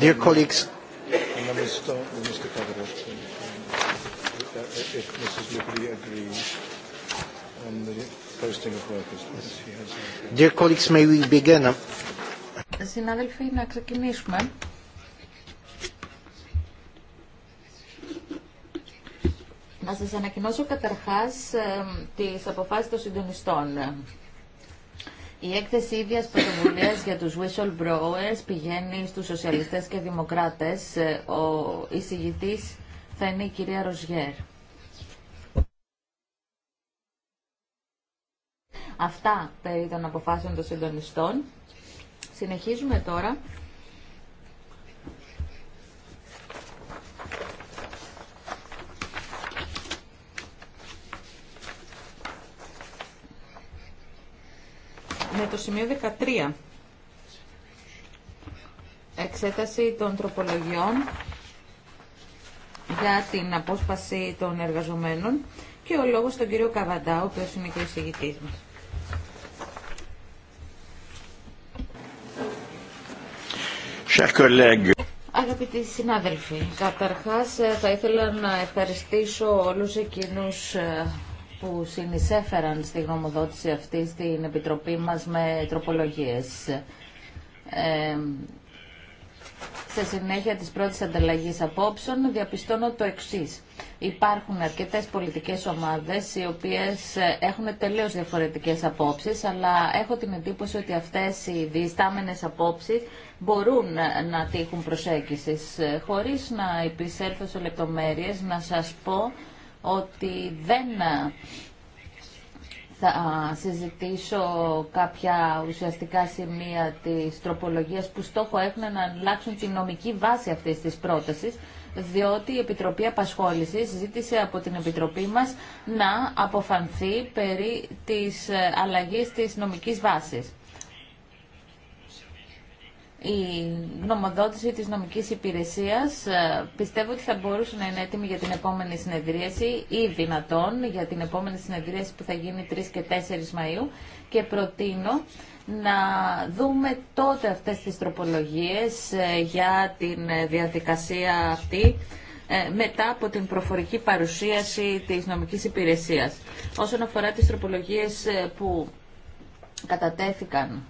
Dear colleagues, Dear colleagues, may we begin? Συνάδελφοι, να ξεκινήσουμε. Να σας ανακοινώσω καταρχάς ε, τις αποφάσεις των συντονιστών. Η έκθεση ίδιας πρωτοβουλία για τους whistleblowers πηγαίνει στους σοσιαλιστές και δημοκράτες. Ο εισηγητής θα είναι η κυρία Ροζιέρ. Αυτά περί των αποφάσεων των συντονιστών. Συνεχίζουμε τώρα με το σημείο 13. Εξέταση των τροπολογιών για την απόσπαση των εργαζομένων και ο λόγος στον κύριο Καβαντά, ο οποίος είναι και ο εισηγητής μας. Αγαπητοί συνάδελφοι, καταρχάς ε, θα ήθελα να ευχαριστήσω όλους εκείνους ε, που συνεισέφεραν στη γνωμοδότηση αυτή στην Επιτροπή μας με τροπολογίες. Ε, σε συνέχεια της πρώτης ανταλλαγής απόψεων διαπιστώνω το εξής. Υπάρχουν αρκετές πολιτικές ομάδες οι οποίες ε, έχουν τελείως διαφορετικές απόψεις, αλλά έχω την εντύπωση ότι αυτές οι διεστάμενες απόψεις μπορούν ε, να τύχουν προσέγγισης. Ε, χωρίς να επισέλθω σε λεπτομέρειες, να σας πω ότι δεν θα συζητήσω κάποια ουσιαστικά σημεία της τροπολογίας που στόχο έχουν να αλλάξουν τη νομική βάση αυτής της πρότασης, διότι η Επιτροπή Απασχόλησης ζήτησε από την Επιτροπή μας να αποφανθεί περί της αλλαγής της νομικής βάσης η νομοδότηση της νομικής υπηρεσίας ε, πιστεύω ότι θα μπορούσε να είναι έτοιμη για την επόμενη συνεδρίαση ή δυνατόν για την επόμενη συνεδρίαση που θα γίνει 3 και 4 Μαΐου και προτείνω να δούμε τότε αυτές τις τροπολογίες ε, για την ε, διαδικασία αυτή μετά από την προφορική παρουσίαση της νομικής υπηρεσίας. Όσον αφορά τις τροπολογίες που κατατέθηκαν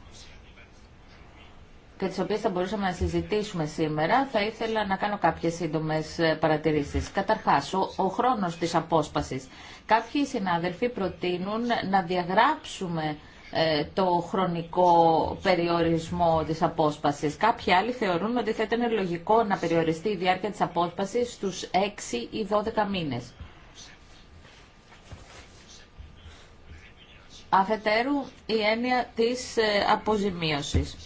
και τις οποίες θα μπορούσαμε να συζητήσουμε σήμερα, θα ήθελα να κάνω κάποιες σύντομες ε, παρατηρήσεις. Καταρχάς, ο, ο χρόνος της απόσπασης. Κάποιοι συνάδελφοι προτείνουν να διαγράψουμε ε, το χρονικό περιορισμό της απόσπασης. Κάποιοι άλλοι θεωρούν ότι θα ήταν λογικό να περιοριστεί η διάρκεια της απόσπασης στους 6 ή 12 μήνες. Αφετέρου, η έννοια της ε, αποζημίωσης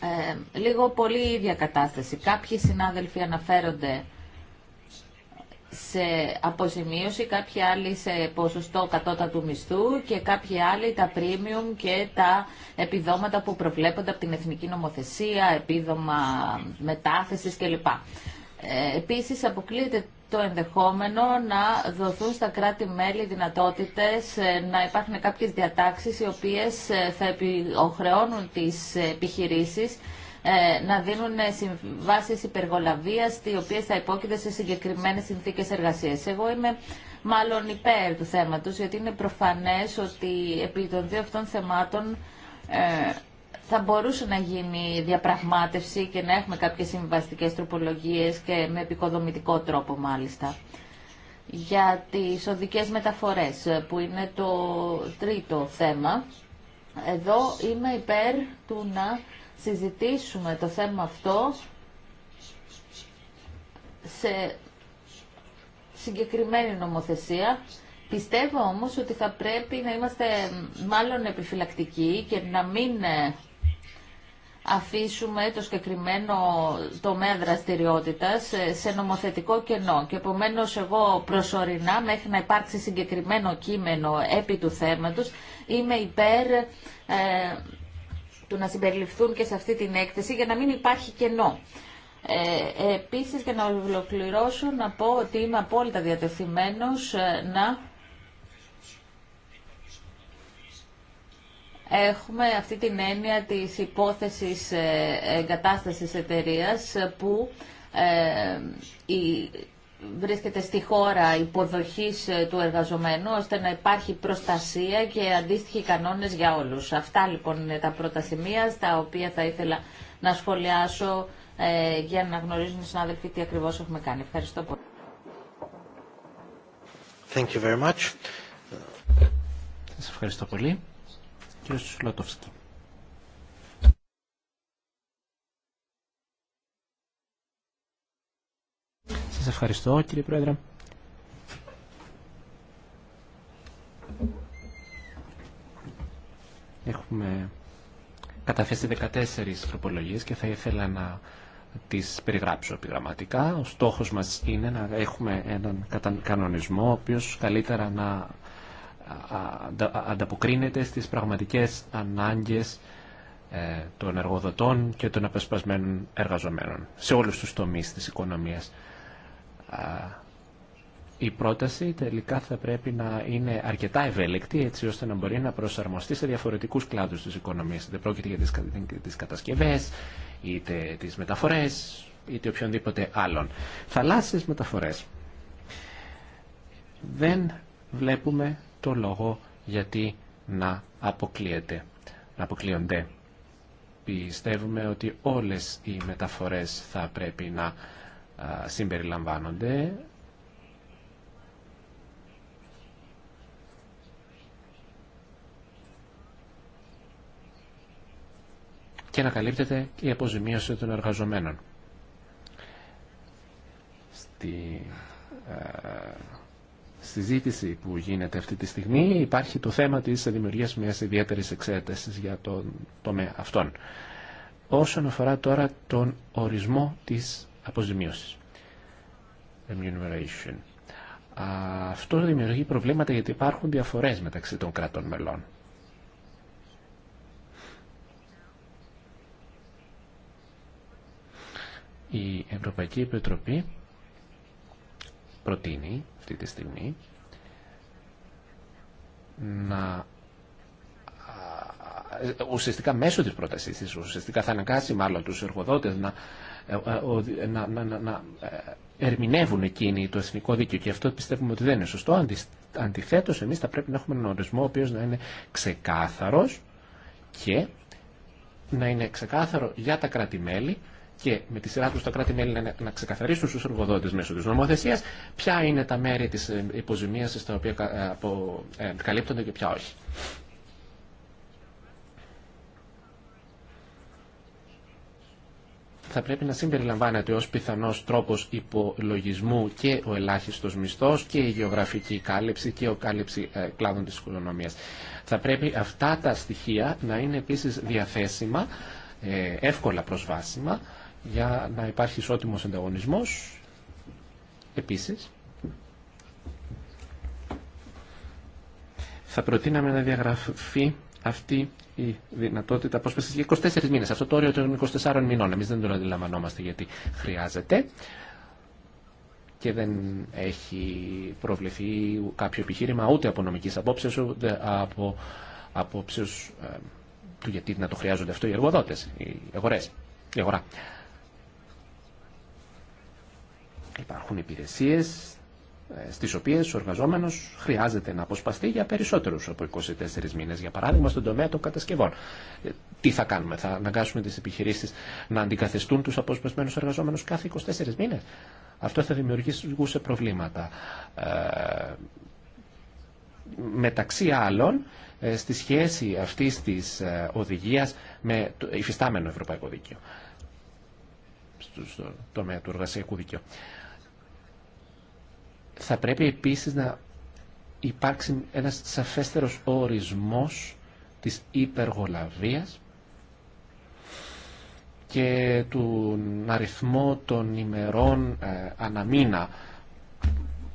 ε, λίγο πολύ η ίδια κατάσταση. Κάποιοι συνάδελφοι αναφέρονται σε αποζημίωση, κάποιοι άλλοι σε ποσοστό κατώτατου μισθού και κάποιοι άλλοι τα premium και τα επιδόματα που προβλέπονται από την Εθνική Νομοθεσία, επίδομα μετάθεσης κλπ. Ε, επίσης αποκλείεται το ενδεχόμενο να δοθούν στα κράτη-μέλη δυνατότητες ε, να υπάρχουν κάποιες διατάξεις οι οποίες ε, θα επιοχρεώνουν τις επιχειρήσεις ε, να δίνουν συμβάσεις υπεργολαβίας οι οποίες θα υπόκειται σε συγκεκριμένες συνθήκες εργασίας. Εγώ είμαι μάλλον υπέρ του θέματος γιατί είναι προφανές ότι επί των δύο αυτών θεμάτων θα μπορούσε να γίνει διαπραγμάτευση και να έχουμε κάποιες συμβαστικές τροπολογίες και με επικοδομητικό τρόπο μάλιστα. Για τις οδικές μεταφορές που είναι το τρίτο θέμα, εδώ είμαι υπέρ του να συζητήσουμε το θέμα αυτό σε συγκεκριμένη νομοθεσία. Πιστεύω όμως ότι θα πρέπει να είμαστε μάλλον επιφυλακτικοί και να μην ε, αφήσουμε το συγκεκριμένο τομέα δραστηριότητας σε νομοθετικό κενό. Και επομένως εγώ προσωρινά μέχρι να υπάρξει συγκεκριμένο κείμενο επί του θέματος είμαι υπέρ ε, του να συμπεριληφθούν και σε αυτή την έκθεση για να μην υπάρχει κενό. Ε, επίσης για να ολοκληρώσω να πω ότι είμαι απόλυτα διατεθειμένος ε, να έχουμε αυτή την έννοια της υπόθεσης ε, εγκατάστασης εταιρείας που ε, βρίσκεται στη χώρα υποδοχής ε, του εργαζομένου ώστε να υπάρχει προστασία και αντίστοιχοι κανόνες για όλους. Αυτά λοιπόν είναι τα πρώτα σημεία στα οποία θα ήθελα να σχολιάσω για να γνωρίζουν οι συνάδελφοι τι ακριβώς έχουμε κάνει. Thank you very much. ευχαριστώ πολύ. Σα Σας ευχαριστώ κύριε Πρόεδρε. Έχουμε καταθέσει 14 τροπολογίες και θα ήθελα να τις περιγράψω επιγραμματικά. Ο στόχος μας είναι να έχουμε έναν κανονισμό ο οποίος καλύτερα να ανταποκρίνεται στις πραγματικές ανάγκες ε, των εργοδοτών και των απεσπασμένων εργαζομένων σε όλους τους τομείς της οικονομίας. Η πρόταση τελικά θα πρέπει να είναι αρκετά ευέλικτη έτσι ώστε να μπορεί να προσαρμοστεί σε διαφορετικούς κλάδους της οικονομίας. Δεν πρόκειται για τις κατασκευές, είτε τις μεταφορές, είτε οποιονδήποτε άλλον. Θαλάσσιες μεταφορές. Δεν βλέπουμε το λόγο γιατί να αποκλείεται, να αποκλείονται. Πιστεύουμε ότι όλες οι μεταφορές θα πρέπει να συμπεριλαμβάνονται. και να καλύπτεται η αποζημίωση των εργαζομένων. Στη συζήτηση που γίνεται αυτή τη στιγμή υπάρχει το θέμα της δημιουργίας μιας ιδιαίτερης εξέτασης για τον τομέα αυτόν. Όσον αφορά τώρα τον ορισμό της αποζημίωσης. Remuneration. Αυτό δημιουργεί προβλήματα γιατί υπάρχουν διαφορές μεταξύ των κρατών μελών. Η Ευρωπαϊκή Επιτροπή προτείνει αυτή τη στιγμή να ουσιαστικά μέσω της πρότασής της, ουσιαστικά θα αναγκάσει μάλλον τους εργοδότες να, ε, ε, να, να, να ε, ερμηνεύουν εκείνοι το εθνικό δίκαιο και αυτό πιστεύουμε ότι δεν είναι σωστό. Αντιθέτως, εμείς θα πρέπει να έχουμε έναν ορισμό ο οποίος να είναι ξεκάθαρος και να είναι ξεκάθαρο για τα κράτη-μέλη και με τη σειρά του τα κράτη-μέλη να ξεκαθαρίσουν στου εργοδότε μέσω τη νομοθεσία ποια είναι τα μέρη τη ε, υποζημία, τα οποία ε, ε, καλύπτονται και ποια όχι. θα πρέπει να συμπεριλαμβάνεται ως πιθανός τρόπος υπολογισμού και ο ελάχιστος μισθός και η γεωγραφική κάλυψη και η κάλυψη κλάδων της οικονομίας. Θα πρέπει αυτά τα στοιχεία να είναι επίσης διαθέσιμα, εύκολα προσβάσιμα για να υπάρχει ισότιμος ανταγωνισμός επίσης θα προτείναμε να διαγραφεί αυτή η δυνατότητα πώς για 24 μήνες. Αυτό το όριο των 24 μηνών. Εμείς δεν το αντιλαμβανόμαστε γιατί χρειάζεται και δεν έχει προβλεφθεί κάποιο επιχείρημα ούτε από νομικής απόψεως ούτε από απόψεως ε, του γιατί να το χρειάζονται αυτό οι εργοδότες, οι αγορές, η αγορά. Υπάρχουν υπηρεσίε ε, στις οποίες ο εργαζόμενος χρειάζεται να αποσπαστεί για περισσότερους από 24 μήνες, για παράδειγμα στον τομέα των κατασκευών. Ε, τι θα κάνουμε, θα αναγκάσουμε τις επιχειρήσεις να αντικαθεστούν τους αποσπασμένους εργαζόμενους κάθε 24 μήνες. Αυτό θα δημιουργήσει προβλήματα. Ε, μεταξύ άλλων, στη σχέση αυτής της οδηγίας με το υφιστάμενο ευρωπαϊκό δίκαιο, στο τομέα του εργασιακού δικαίου. Θα πρέπει επίσης να υπάρξει ένας σαφέστερος ορισμός της υπεργολαβίας και του αριθμό των ημερών ε, αναμήνα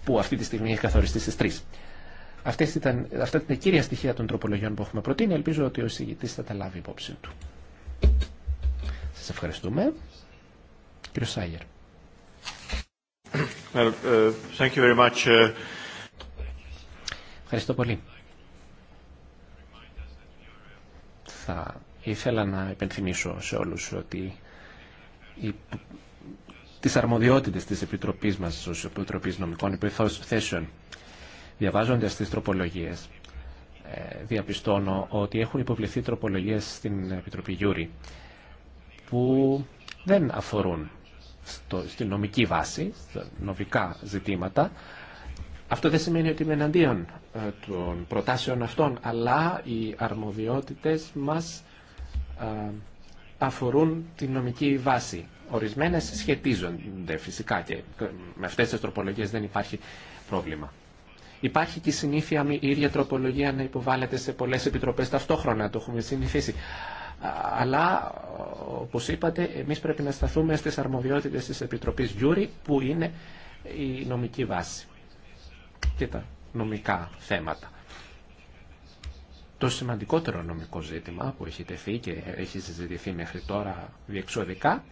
που αυτή τη στιγμή έχει καθοριστεί στις τρεις. Αυτές ήταν, αυτά ήταν τα κύρια στοιχεία των τροπολογιών που έχουμε προτείνει. Ελπίζω ότι ο εισηγητής θα τα λάβει υπόψη του. Σας ευχαριστούμε. Κύριο Σάγερ. Uh, uh, Ευχαριστώ πολύ. Θα ήθελα να υπενθυμίσω σε όλους ότι οι, τις αρμοδιότητες της Επιτροπής μας, ως Επιτροπής Νομικών Υποθέσεων, διαβάζοντας τις τροπολογίες, ε, διαπιστώνω ότι έχουν υποβληθεί τροπολογίες στην Επιτροπή Γιούρη που δεν αφορούν στο, στη νομική βάση, στα νομικά ζητήματα. Αυτό δεν σημαίνει ότι είμαι εναντίον ε, των προτάσεων αυτών, αλλά οι αρμοδιότητες μας ε, αφορούν τη νομική βάση. Ορισμένες σχετίζονται φυσικά και με αυτές τις τροπολογίες δεν υπάρχει πρόβλημα. Υπάρχει και η συνήθεια η ίδια τροπολογία να υποβάλλεται σε πολλές επιτροπές ταυτόχρονα, το έχουμε συνηθίσει αλλά όπως είπατε εμείς πρέπει να σταθούμε στις αρμοδιότητες της Επιτροπής Γιούρη που είναι η νομική βάση και τα νομικά θέματα. Το σημαντικότερο νομικό ζήτημα που έχει τεθεί και έχει συζητηθεί μέχρι τώρα διεξοδικά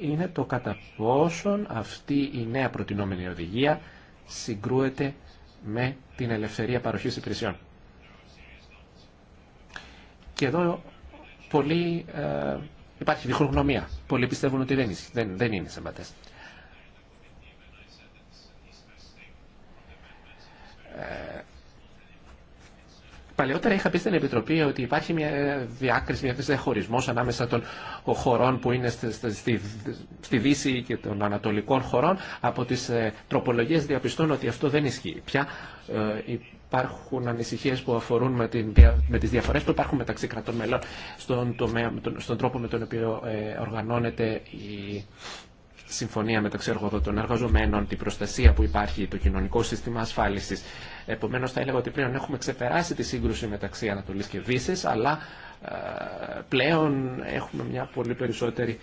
είναι το κατά πόσον αυτή η νέα προτινόμενη οδηγία συγκρούεται με την ελευθερία παροχής υπηρεσιών. Και εδώ πολλοί, ε, υπάρχει διχογνωμία. Πολλοί πιστεύουν ότι δεν, δεν, δεν είναι συμβατές. Παλαιότερα είχα πει στην Επιτροπή ότι υπάρχει μια διάκριση, μια διαχωρισμό ανάμεσα των χωρών που είναι στη, στη, Δύση και των Ανατολικών χωρών. Από τι ε, τροπολογίε διαπιστώνω ότι αυτό δεν ισχύει. Πια ε, υπάρχουν ανησυχίε που αφορούν με, με τι διαφορέ που υπάρχουν μεταξύ κρατών μελών στον, τομέα, στον τρόπο με τον οποίο ε, οργανώνεται η συμφωνία μεταξύ εργοδοτών εργαζομένων, την προστασία που υπάρχει, το κοινωνικό σύστημα ασφάλισης. Επομένως θα έλεγα ότι πλέον έχουμε ξεπεράσει τη σύγκρουση μεταξύ Ανατολής και Δύσης, αλλά ε, πλέον έχουμε μια πολύ περισσότερη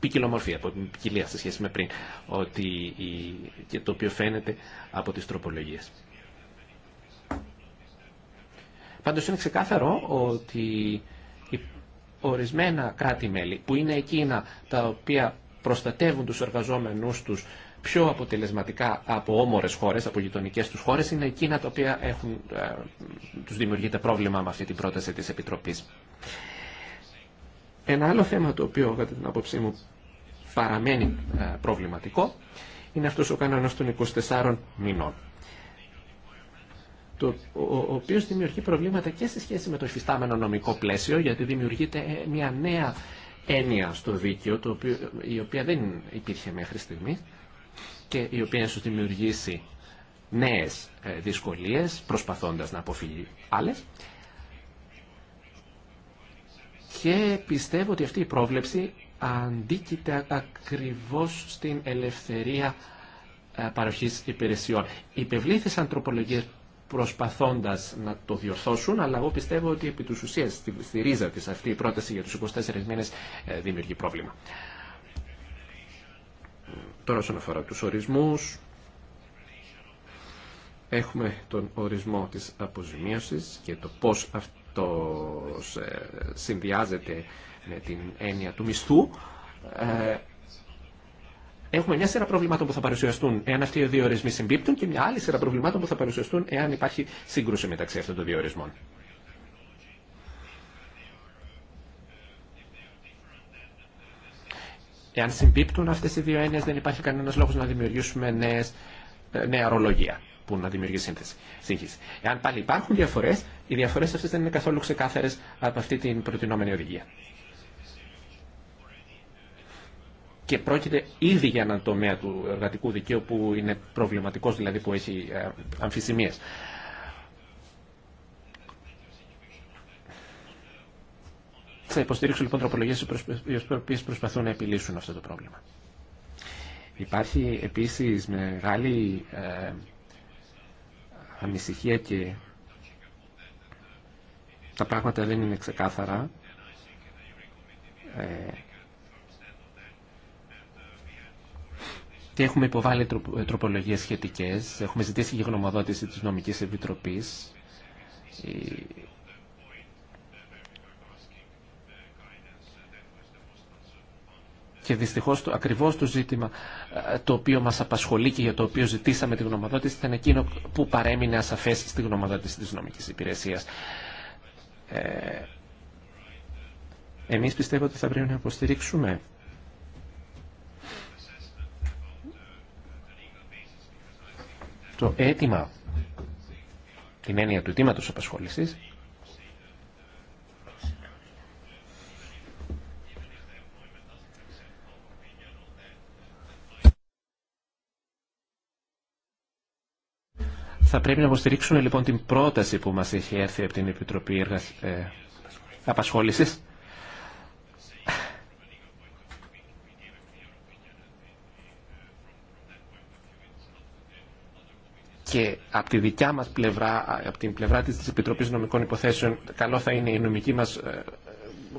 ποικιλομορφία, ποικιλία σε σχέση με πριν, ότι, και το οποίο φαίνεται από τις τροπολογίες. Πάντως είναι ξεκάθαρο ότι ορισμένα κράτη-μέλη που είναι εκείνα τα οποία προστατεύουν τους εργαζόμενούς τους πιο αποτελεσματικά από όμορες χώρες, από γειτονικέ τους χώρες, είναι εκείνα τα οποία έχουν, ε, τους δημιουργείται πρόβλημα με αυτή την πρόταση της Επιτροπής. Ένα άλλο θέμα το οποίο κατά την άποψή μου παραμένει ε, προβληματικό είναι αυτός ο κανόνας των 24 μηνών το, ο οποίος δημιουργεί προβλήματα και σε σχέση με το υφιστάμενο νομικό πλαίσιο, γιατί δημιουργείται ε, μια νέα έννοια στο δίκαιο, το οποίο, η οποία δεν υπήρχε μέχρι στιγμή και η οποία σου δημιουργήσει νέες ε, δυσκολίες, προσπαθώντας να αποφύγει άλλες. Και πιστεύω ότι αυτή η πρόβλεψη αντίκειται ακριβώς στην ελευθερία ε, παροχής υπηρεσιών. Υπευλήθησαν τροπολογίες προσπαθώντας να το διορθώσουν, αλλά εγώ πιστεύω ότι επί τους ουσίες στη ρίζα της αυτή η πρόταση για τους 24 μήνες ε, δημιουργεί πρόβλημα. Τώρα όσον αφορά τους ορισμούς, έχουμε τον ορισμό της αποζημίωσης και το πώς αυτό ε, συνδυάζεται με την έννοια του μισθού. Ε, Έχουμε μια σειρά προβλημάτων που θα παρουσιαστούν εάν αυτοί οι δύο ορισμοί συμπίπτουν και μια άλλη σειρά προβλημάτων που θα παρουσιαστούν εάν υπάρχει σύγκρουση μεταξύ αυτών των δύο ορισμών. Εάν συμπίπτουν αυτές οι δύο έννοιες δεν υπάρχει κανένας λόγος να δημιουργήσουμε νέες, ε, νέα ορολογία που να δημιουργεί σύνθεση, σύγχυση. Εάν πάλι υπάρχουν διαφορές, οι διαφορές αυτές δεν είναι καθόλου ξεκάθαρες από αυτή την προτινόμενη οδηγία. και πρόκειται ήδη για έναν τομέα του εργατικού δικαίου που είναι προβληματικός, δηλαδή που έχει ε, αμφισημίες. Θα υποστηρίξω λοιπόν τροπολογίες οι οποίες προσπαθούν να επιλύσουν αυτό το πρόβλημα. Υπάρχει επίσης μεγάλη ε, ανησυχία και τα πράγματα δεν είναι ξεκάθαρα. Ε, και έχουμε υποβάλει ε, τροπολογίες σχετικές. Έχουμε ζητήσει και γνωμοδότηση της Νομικής Επιτροπής. Ε, και δυστυχώς το, ακριβώς το ζήτημα ε, το οποίο μας απασχολεί και για το οποίο ζητήσαμε τη γνωμοδότηση ήταν εκείνο που παρέμεινε ασαφές στη γνωμοδότηση της νομικής υπηρεσίας. Ε, εμείς πιστεύω ότι θα πρέπει να υποστηρίξουμε το αίτημα, την έννοια του αιτήματος απασχόλησης, Θα πρέπει να υποστηρίξουμε λοιπόν την πρόταση που μας έχει έρθει από την Επιτροπή ε... Απασχόλησης και από τη δικιά μας πλευρά, από την πλευρά της Επιτροπής Νομικών Υποθέσεων, καλό θα είναι η νομική μας ε,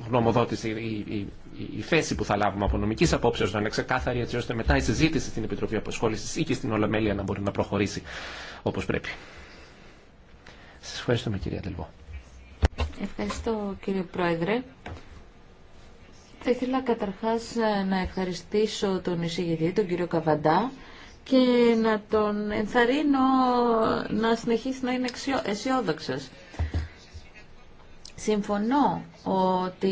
γνωμοδότηση, η, η, η θέση που θα λάβουμε από νομική απόψεως να είναι ξεκάθαρη, έτσι ώστε μετά η συζήτηση στην Επιτροπή Αποσχόλησης ή και στην Ολομέλεια να μπορεί να προχωρήσει όπως πρέπει. Σας ευχαριστούμε κυρία Τελβό. Ευχαριστώ κύριε Πρόεδρε. Θα ήθελα καταρχάς να ευχαριστήσω τον εισηγητή, τον κύριο Καβαντά, και να τον ενθαρρύνω να συνεχίσει να είναι αισιόδοξο. Συμφωνώ ότι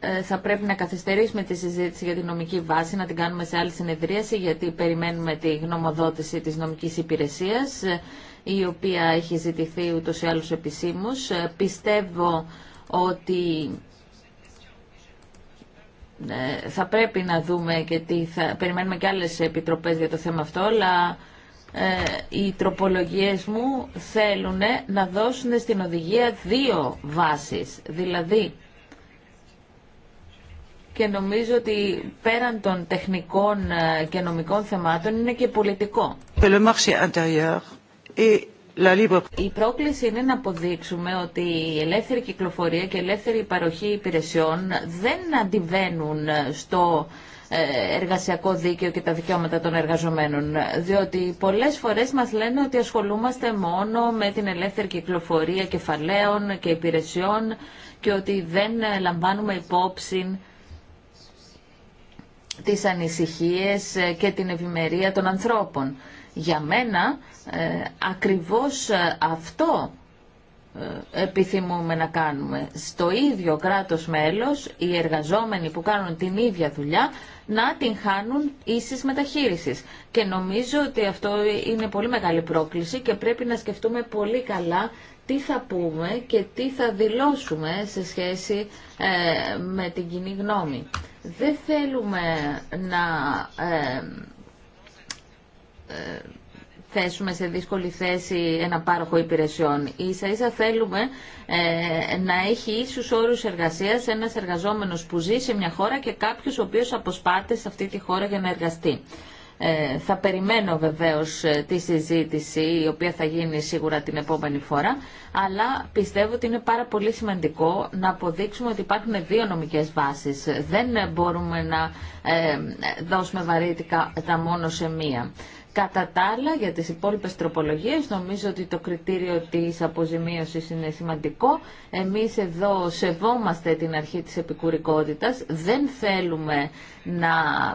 ε, θα πρέπει να καθυστερήσουμε τη συζήτηση για τη νομική βάση, να την κάνουμε σε άλλη συνεδρίαση, γιατί περιμένουμε τη γνωμοδότηση της νομικής υπηρεσίας, η οποία έχει ζητηθεί ούτως ή άλλως επισήμως. Ε, πιστεύω ότι ε, θα πρέπει να δούμε και τι θα περιμένουμε και άλλες επιτροπές για το θέμα αυτό, αλλά ε, οι τροπολογίες μου θέλουν να δώσουν στην οδηγία δύο βάσεις. Δηλαδή, και νομίζω ότι πέραν των τεχνικών ε, και νομικών θεμάτων είναι και πολιτικό. Le η πρόκληση είναι να αποδείξουμε ότι η ελεύθερη κυκλοφορία και η ελεύθερη παροχή υπηρεσιών δεν αντιβαίνουν στο ε, εργασιακό δίκαιο και τα δικαιώματα των εργαζομένων. Διότι πολλές φορές μας λένε ότι ασχολούμαστε μόνο με την ελεύθερη κυκλοφορία κεφαλαίων και υπηρεσιών και ότι δεν ε, λαμβάνουμε υπόψη τις ανησυχίες ε, και την ευημερία των ανθρώπων. Για μένα ε, ακριβώς ε, αυτό ε, επιθυμούμε να κάνουμε. Στο ίδιο κράτος μέλος οι εργαζόμενοι που κάνουν την ίδια δουλειά να την χάνουν ίσης μεταχείρισης. Και νομίζω ότι αυτό είναι πολύ μεγάλη πρόκληση και πρέπει να σκεφτούμε πολύ καλά τι θα πούμε και τι θα δηλώσουμε σε σχέση με την κοινή γνώμη. Δεν θέλουμε να... Ε, θέσουμε σε δύσκολη θέση ένα πάροχο υπηρεσιών. Ίσα ίσα θέλουμε ε, να έχει ίσους όρους εργασίας ένας εργαζόμενος που ζει σε μια χώρα και κάποιος ο οποίος αποσπάται σε αυτή τη χώρα για να εργαστεί. Ε, θα περιμένω βεβαίως τη συζήτηση η οποία θα γίνει σίγουρα την επόμενη φορά αλλά πιστεύω ότι είναι πάρα πολύ σημαντικό να αποδείξουμε ότι υπάρχουν δύο νομικές βάσεις. Δεν μπορούμε να ε, δώσουμε βαρύτητα μόνο σε μία. Κατά τα άλλα, για τις υπόλοιπες τροπολογίες, νομίζω ότι το κριτήριο της αποζημίωσης είναι σημαντικό. Εμείς εδώ σεβόμαστε την αρχή της επικουρικότητας. Δεν θέλουμε να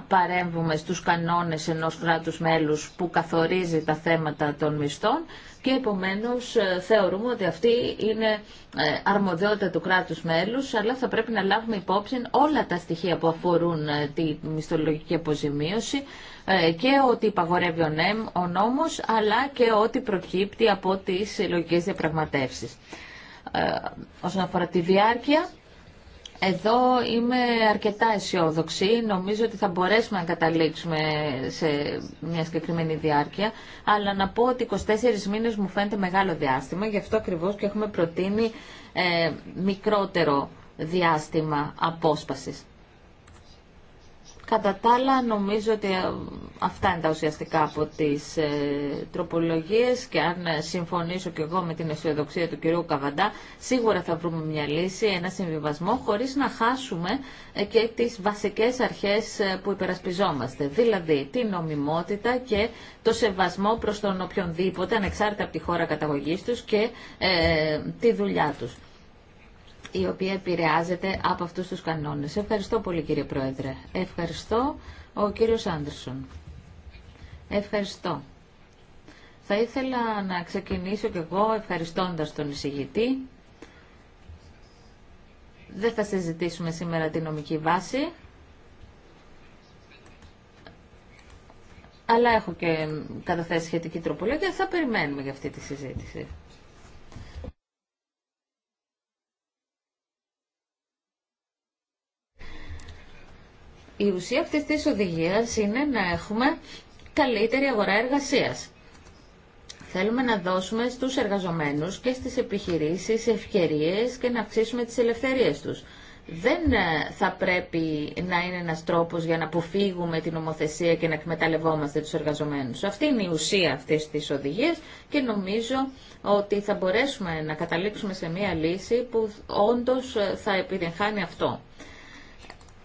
παρέμβουμε στους κανόνες ενός κράτους μέλους που καθορίζει τα θέματα των μισθών και επομένως ε, θεωρούμε ότι αυτή είναι ε, αρμοδιότητα του κράτους μέλους αλλά θα πρέπει να λάβουμε υπόψη όλα τα στοιχεία που αφορούν ε, τη μισθολογική αποζημίωση ε, και ό,τι υπαγορεύει ο νόμος, αλλά και ό,τι προκύπτει από τις λογικές διαπραγματεύσεις. Ε, όσον αφορά τη διάρκεια, εδώ είμαι αρκετά αισιόδοξη. Νομίζω ότι θα μπορέσουμε να καταλήξουμε σε μια συγκεκριμένη διάρκεια. Αλλά να πω ότι 24 μήνες μου φαίνεται μεγάλο διάστημα. Γι' αυτό ακριβώς και έχουμε προτείνει ε, μικρότερο διάστημα απόσπασης. Κατά τα άλλα, νομίζω ότι ε, αυτά είναι τα ουσιαστικά από τι ε, τροπολογίες και αν ε, συμφωνήσω και εγώ με την αισιοδοξία του κυρίου Καβαντά, σίγουρα θα βρούμε μια λύση, ένα συμβιβασμό, χωρί να χάσουμε ε, και τις βασικές αρχές που υπερασπιζόμαστε. Δηλαδή, την νομιμότητα και το σεβασμό προ τον οποιονδήποτε, ανεξάρτητα από τη χώρα καταγωγή του και τη δουλειά του η οποία επηρεάζεται από αυτούς τους κανόνες. Ευχαριστώ πολύ κύριε Πρόεδρε. Ευχαριστώ ο κύριος Άντερσον. Ευχαριστώ. Θα ήθελα να ξεκινήσω κι εγώ ευχαριστώντας τον εισηγητή. Δεν θα συζητήσουμε σήμερα τη νομική βάση. Αλλά έχω και καταθέσει σχετική τροπολογία. Θα περιμένουμε για αυτή τη συζήτηση. Η ουσία αυτής της οδηγίας είναι να έχουμε καλύτερη αγορά εργασίας. Θέλουμε να δώσουμε στους εργαζομένους και στις επιχειρήσεις ευκαιρίες και να αυξήσουμε τις ελευθερίες τους. Δεν ε, θα πρέπει να είναι ένας τρόπος για να αποφύγουμε την ομοθεσία και να εκμεταλλευόμαστε τους εργαζομένους. Αυτή είναι η ουσία αυτής της οδηγίας και νομίζω ότι θα μπορέσουμε να καταλήξουμε σε μία λύση που όντως ε, θα επιδιεχάνει αυτό.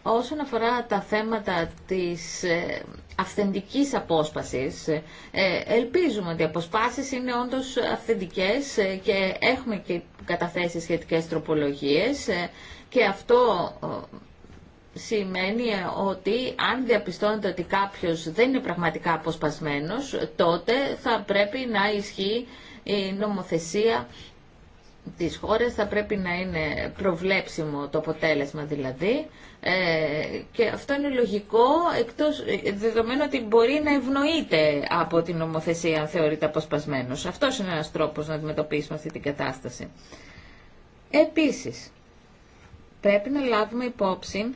Όσον αφορά τα θέματα της ε, αυθεντικής απόσπασης, ε, ε, ελπίζουμε ότι οι αποσπάσεις είναι όντως αυθεντικές και έχουμε και καταθέσει σχετικές τροπολογίες και αυτό σημαίνει ότι αν διαπιστώνεται ότι κάποιος δεν είναι πραγματικά αποσπασμένος, τότε θα πρέπει να ισχύει η νομοθεσία της χώρε θα πρέπει να είναι προβλέψιμο το αποτέλεσμα δηλαδή ε, και αυτό είναι λογικό εκτός ε, δεδομένου ότι μπορεί να ευνοείται από την νομοθεσία αν θεωρείται αποσπασμένος. Αυτό είναι ένας τρόπος να αντιμετωπίσουμε αυτή την κατάσταση. Επίσης, πρέπει να λάβουμε υπόψη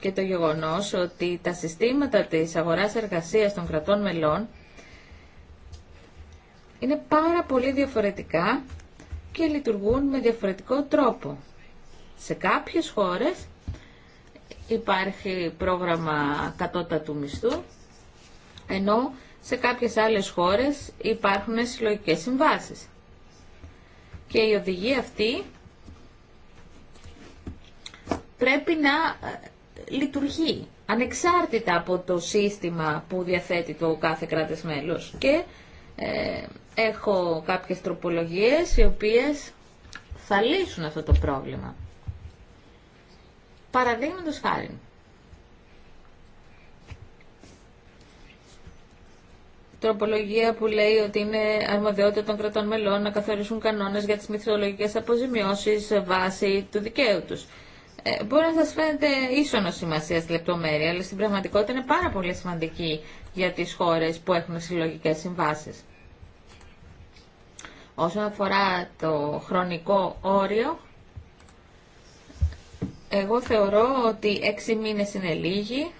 και το γεγονός ότι τα συστήματα της αγοράς εργασίας των κρατών μελών είναι πάρα πολύ διαφορετικά και λειτουργούν με διαφορετικό τρόπο. Σε κάποιες χώρες υπάρχει πρόγραμμα κατώτατου μισθού, ενώ σε κάποιες άλλες χώρες υπάρχουν συλλογικές συμβάσεις. Και η οδηγία αυτή πρέπει να ε, λειτουργεί ανεξάρτητα από το σύστημα που διαθέτει το κάθε κράτος μέλος και ε, έχω κάποιες τροπολογίες οι οποίες θα λύσουν αυτό το πρόβλημα. Παραδείγματος χάρη. Τροπολογία που λέει ότι είναι αρμοδιότητα των κρατών μελών να καθορίσουν κανόνες για τις μυθολογικές αποζημιώσεις βάση του δικαίου τους. Ε, μπορεί να σας φαίνεται ίσονο σημασία στη λεπτομέρεια, αλλά στην πραγματικότητα είναι πάρα πολύ σημαντική για τις χώρες που έχουν συλλογικές συμβάσεις. Όσον αφορά το χρονικό όριο, εγώ θεωρώ ότι έξι μήνες είναι λίγοι.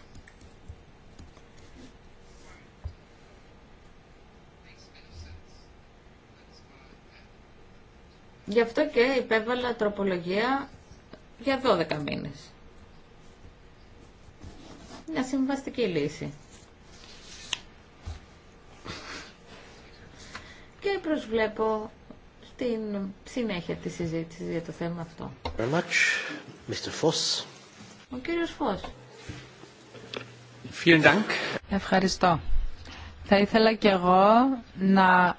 Γι' αυτό και υπέβαλα τροπολογία για 12 μήνες. Μια συμβαστική λύση. και προσβλέπω στην συνέχεια της συζήτησης για το θέμα αυτό. much. Mr. Foss. Ο κύριος Ευχαριστώ. Θα ήθελα και εγώ να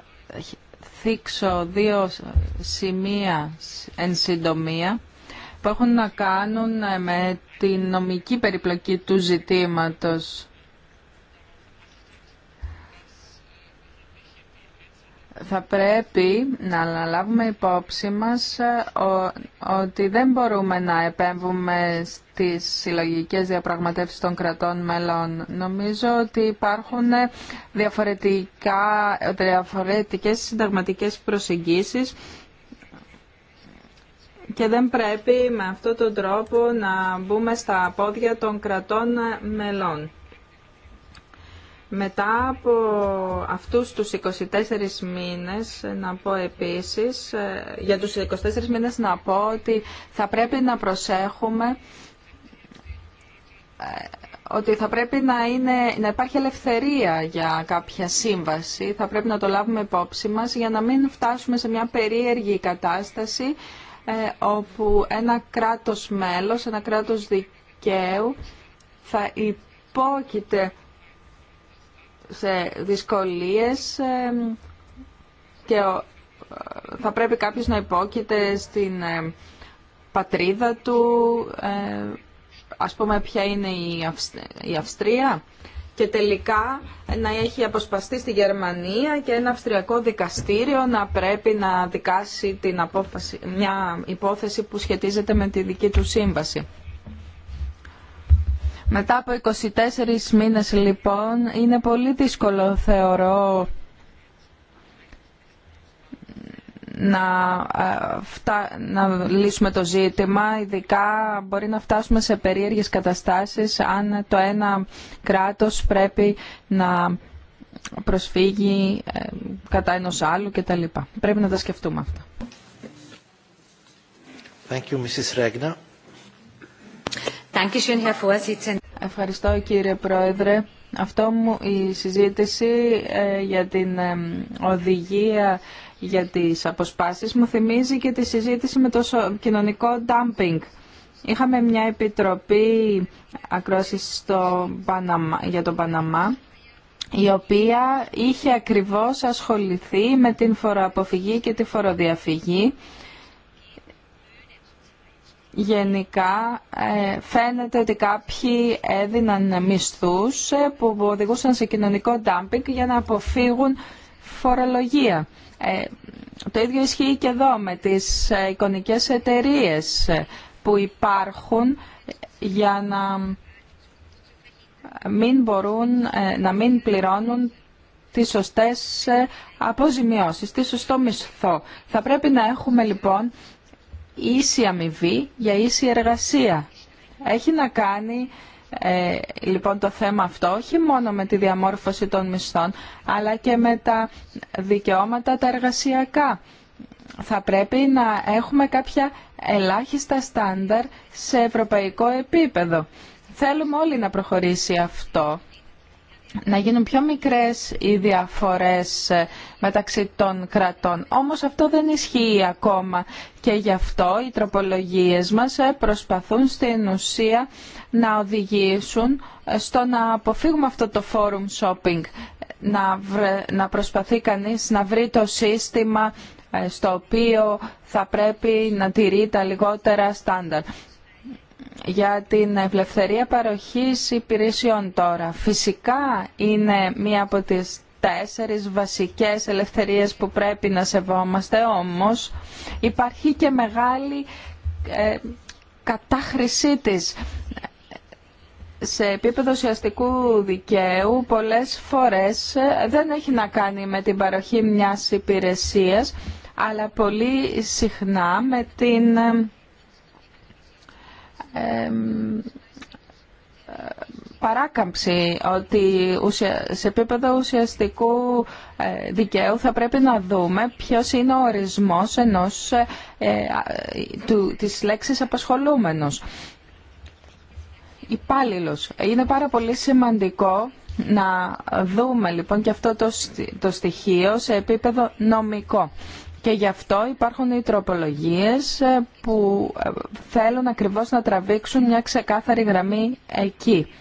θίξω δύο σημεία εν συντομία που έχουν να κάνουν με την νομική περιπλοκή του ζητήματος. θα πρέπει να αναλάβουμε υπόψη μας ε, ότι δεν μπορούμε να επέμβουμε στις συλλογικές διαπραγματεύσεις των κρατών μελών. Νομίζω ότι υπάρχουν διαφορετικά, διαφορετικές συνταγματικές προσεγγίσεις και δεν πρέπει με αυτόν τον τρόπο να μπούμε στα πόδια των κρατών μελών. Μετά από αυτούς τους 24 μήνες, να πω επίσης, ε, για τους 24 μήνες να πω ότι θα πρέπει να προσέχουμε ε, ότι θα πρέπει να, να υπάρχει ελευθερία για κάποια σύμβαση, θα πρέπει να το λάβουμε υπόψη μας για να μην φτάσουμε σε μια περίεργη κατάσταση ε, όπου ένα κράτος μέλος, ένα κράτος δικαίου θα υπόκειται σε δυσκολίες και θα πρέπει κάποιος να υπόκειται στην πατρίδα του, ας πούμε ποια είναι η Αυστρία και τελικά να έχει αποσπαστεί στη Γερμανία και ένα αυστριακό δικαστήριο να πρέπει να δικάσει την απόφαση, μια υπόθεση που σχετίζεται με τη δική του σύμβαση. Μετά από 24 μήνες λοιπόν είναι πολύ δύσκολο θεωρώ να, ε, να λύσουμε το ζήτημα, ειδικά μπορεί να φτάσουμε σε περίεργες καταστάσεις αν το ένα κράτος πρέπει να προσφύγει ε, κατά ενός άλλου κτλ. Πρέπει να τα σκεφτούμε αυτά. Thank you, Mrs. Ευχαριστώ κύριε Πρόεδρε. Αυτό μου η συζήτηση ε, για την οδηγία για τις αποσπάσεις μου θυμίζει και τη συζήτηση με το κοινωνικό dumping. Είχαμε μια επιτροπή ακρόσεις στο Παναμα, για τον Παναμά η οποία είχε ακριβώς ασχοληθεί με την φοροαποφυγή και τη φοροδιαφυγή γενικά ε, φαίνεται ότι κάποιοι έδιναν μισθούς ε, που οδηγούσαν σε κοινωνικό ντάμπινγκ για να αποφύγουν φορολογία. Ε, το ίδιο ισχύει και εδώ με τις εικονικές εταιρείες που υπάρχουν για να μην μπορούν να μην πληρώνουν τις σωστές αποζημιώσεις, τη σωστό μισθό. Θα πρέπει να έχουμε λοιπόν ίση αμοιβή για ίση εργασία. Έχει να κάνει ε, λοιπόν το θέμα αυτό όχι μόνο με τη διαμόρφωση των μισθών αλλά και με τα δικαιώματα τα εργασιακά. Θα πρέπει να έχουμε κάποια ελάχιστα στάνταρ σε ευρωπαϊκό επίπεδο. Θέλουμε όλοι να προχωρήσει αυτό να γίνουν πιο μικρές οι διαφορές ε, μεταξύ των κρατών. Όμως αυτό δεν ισχύει ακόμα και γι' αυτό οι τροπολογίες μας ε, προσπαθούν στην ουσία να οδηγήσουν ε, στο να αποφύγουμε αυτό το forum shopping, να προσπαθεί κανείς να βρει το σύστημα στο οποίο θα πρέπει να τηρεί τα λιγότερα στάνταρ για την ελευθερία παροχής υπηρεσιών τώρα. Φυσικά είναι μία από τις τέσσερις βασικές ελευθερίες που πρέπει να σεβόμαστε, όμως υπάρχει και μεγάλη ε, κατάχρησή της. Σε επίπεδο ουσιαστικού δικαίου πολλές φορές ε, δεν έχει να κάνει με την παροχή μιας υπηρεσίας, αλλά πολύ συχνά με την ε, παράκαμψη ότι σε επίπεδο ουσιαστικού ε, δικαίου θα πρέπει να δούμε ποιος είναι ο ορισμός ενός, ε, ε, του, της λέξης απασχολούμενος. Υπάλληλο. Είναι πάρα πολύ σημαντικό να δούμε λοιπόν και αυτό το στοιχείο σε επίπεδο νομικό. Και γι' αυτό υπάρχουν οι τροπολογίες ε, που ε, θέλουν ακριβώς να τραβήξουν μια ξεκάθαρη γραμμή εκεί.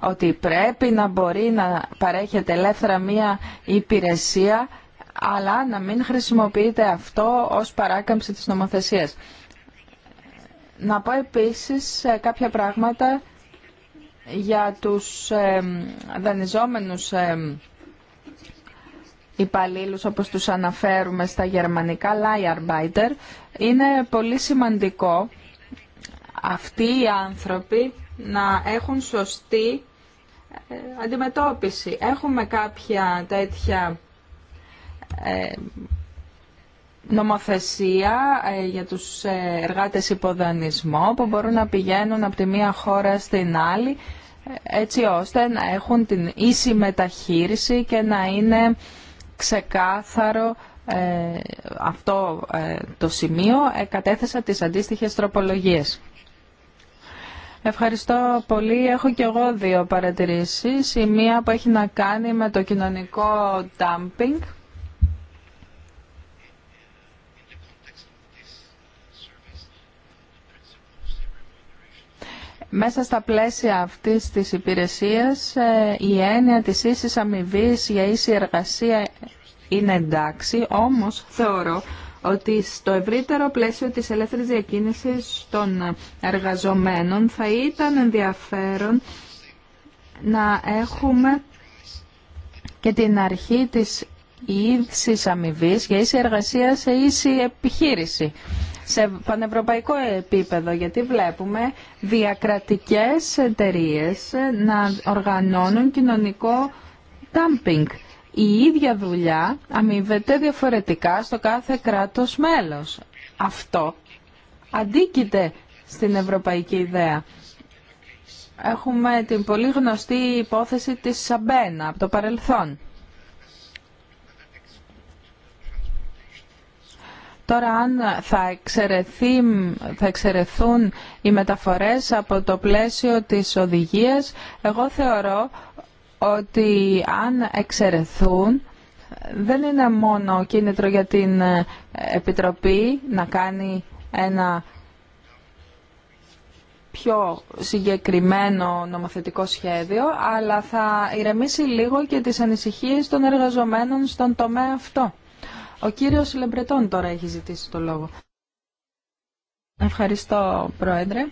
Ότι πρέπει να μπορεί να παρέχεται ελεύθερα μια υπηρεσία, αλλά να μην χρησιμοποιείται αυτό ως παράκαμψη της νομοθεσίας. Να πω επίσης ε, κάποια πράγματα για τους δανειζόμενους υπαλλήλους όπως τους αναφέρουμε στα γερμανικά, Leiharbeiter, είναι πολύ σημαντικό αυτοί οι άνθρωποι να έχουν σωστή ε, αντιμετώπιση. Έχουμε κάποια τέτοια ε, νομοθεσία ε, για τους εργάτες υποδανισμό που μπορούν να πηγαίνουν από τη μία χώρα στην άλλη έτσι ώστε να έχουν την ίση μεταχείριση και να είναι ξεκάθαρο ε, αυτό ε, το σημείο, κατέθεσα τις αντίστοιχες τροπολογίες. Ευχαριστώ πολύ. Έχω και εγώ δύο παρατηρήσεις. Η μία που έχει να κάνει με το κοινωνικό dumping Μέσα στα πλαίσια αυτής της υπηρεσίας ε, η έννοια της ίσης αμοιβή για ίση εργασία είναι εντάξει, όμως θεωρώ ότι στο ευρύτερο πλαίσιο της ελεύθερης διακίνησης των εργαζομένων θα ήταν ενδιαφέρον να έχουμε και την αρχή της ίσης αμοιβή για ίση εργασία σε ίση επιχείρηση σε πανευρωπαϊκό επίπεδο, γιατί βλέπουμε διακρατικές εταιρείε να οργανώνουν κοινωνικό dumping. Η ίδια δουλειά αμοιβεται διαφορετικά στο κάθε κράτος μέλος. Αυτό αντίκειται στην ευρωπαϊκή ιδέα. Έχουμε την πολύ γνωστή υπόθεση της Σαμπένα από το παρελθόν. Τώρα αν θα, εξαιρεθεί, θα εξαιρεθούν οι μεταφορές από το πλαίσιο της οδηγίας, εγώ θεωρώ ότι αν εξαιρεθούν δεν είναι μόνο κίνητρο για την ε, Επιτροπή να κάνει ένα πιο συγκεκριμένο νομοθετικό σχέδιο, αλλά θα ηρεμήσει λίγο και τις ανησυχίες των εργαζομένων στον τομέα αυτό. Ο κύριος Λεμπρετών τώρα έχει ζητήσει το λόγο. Ευχαριστώ, Πρόεδρε.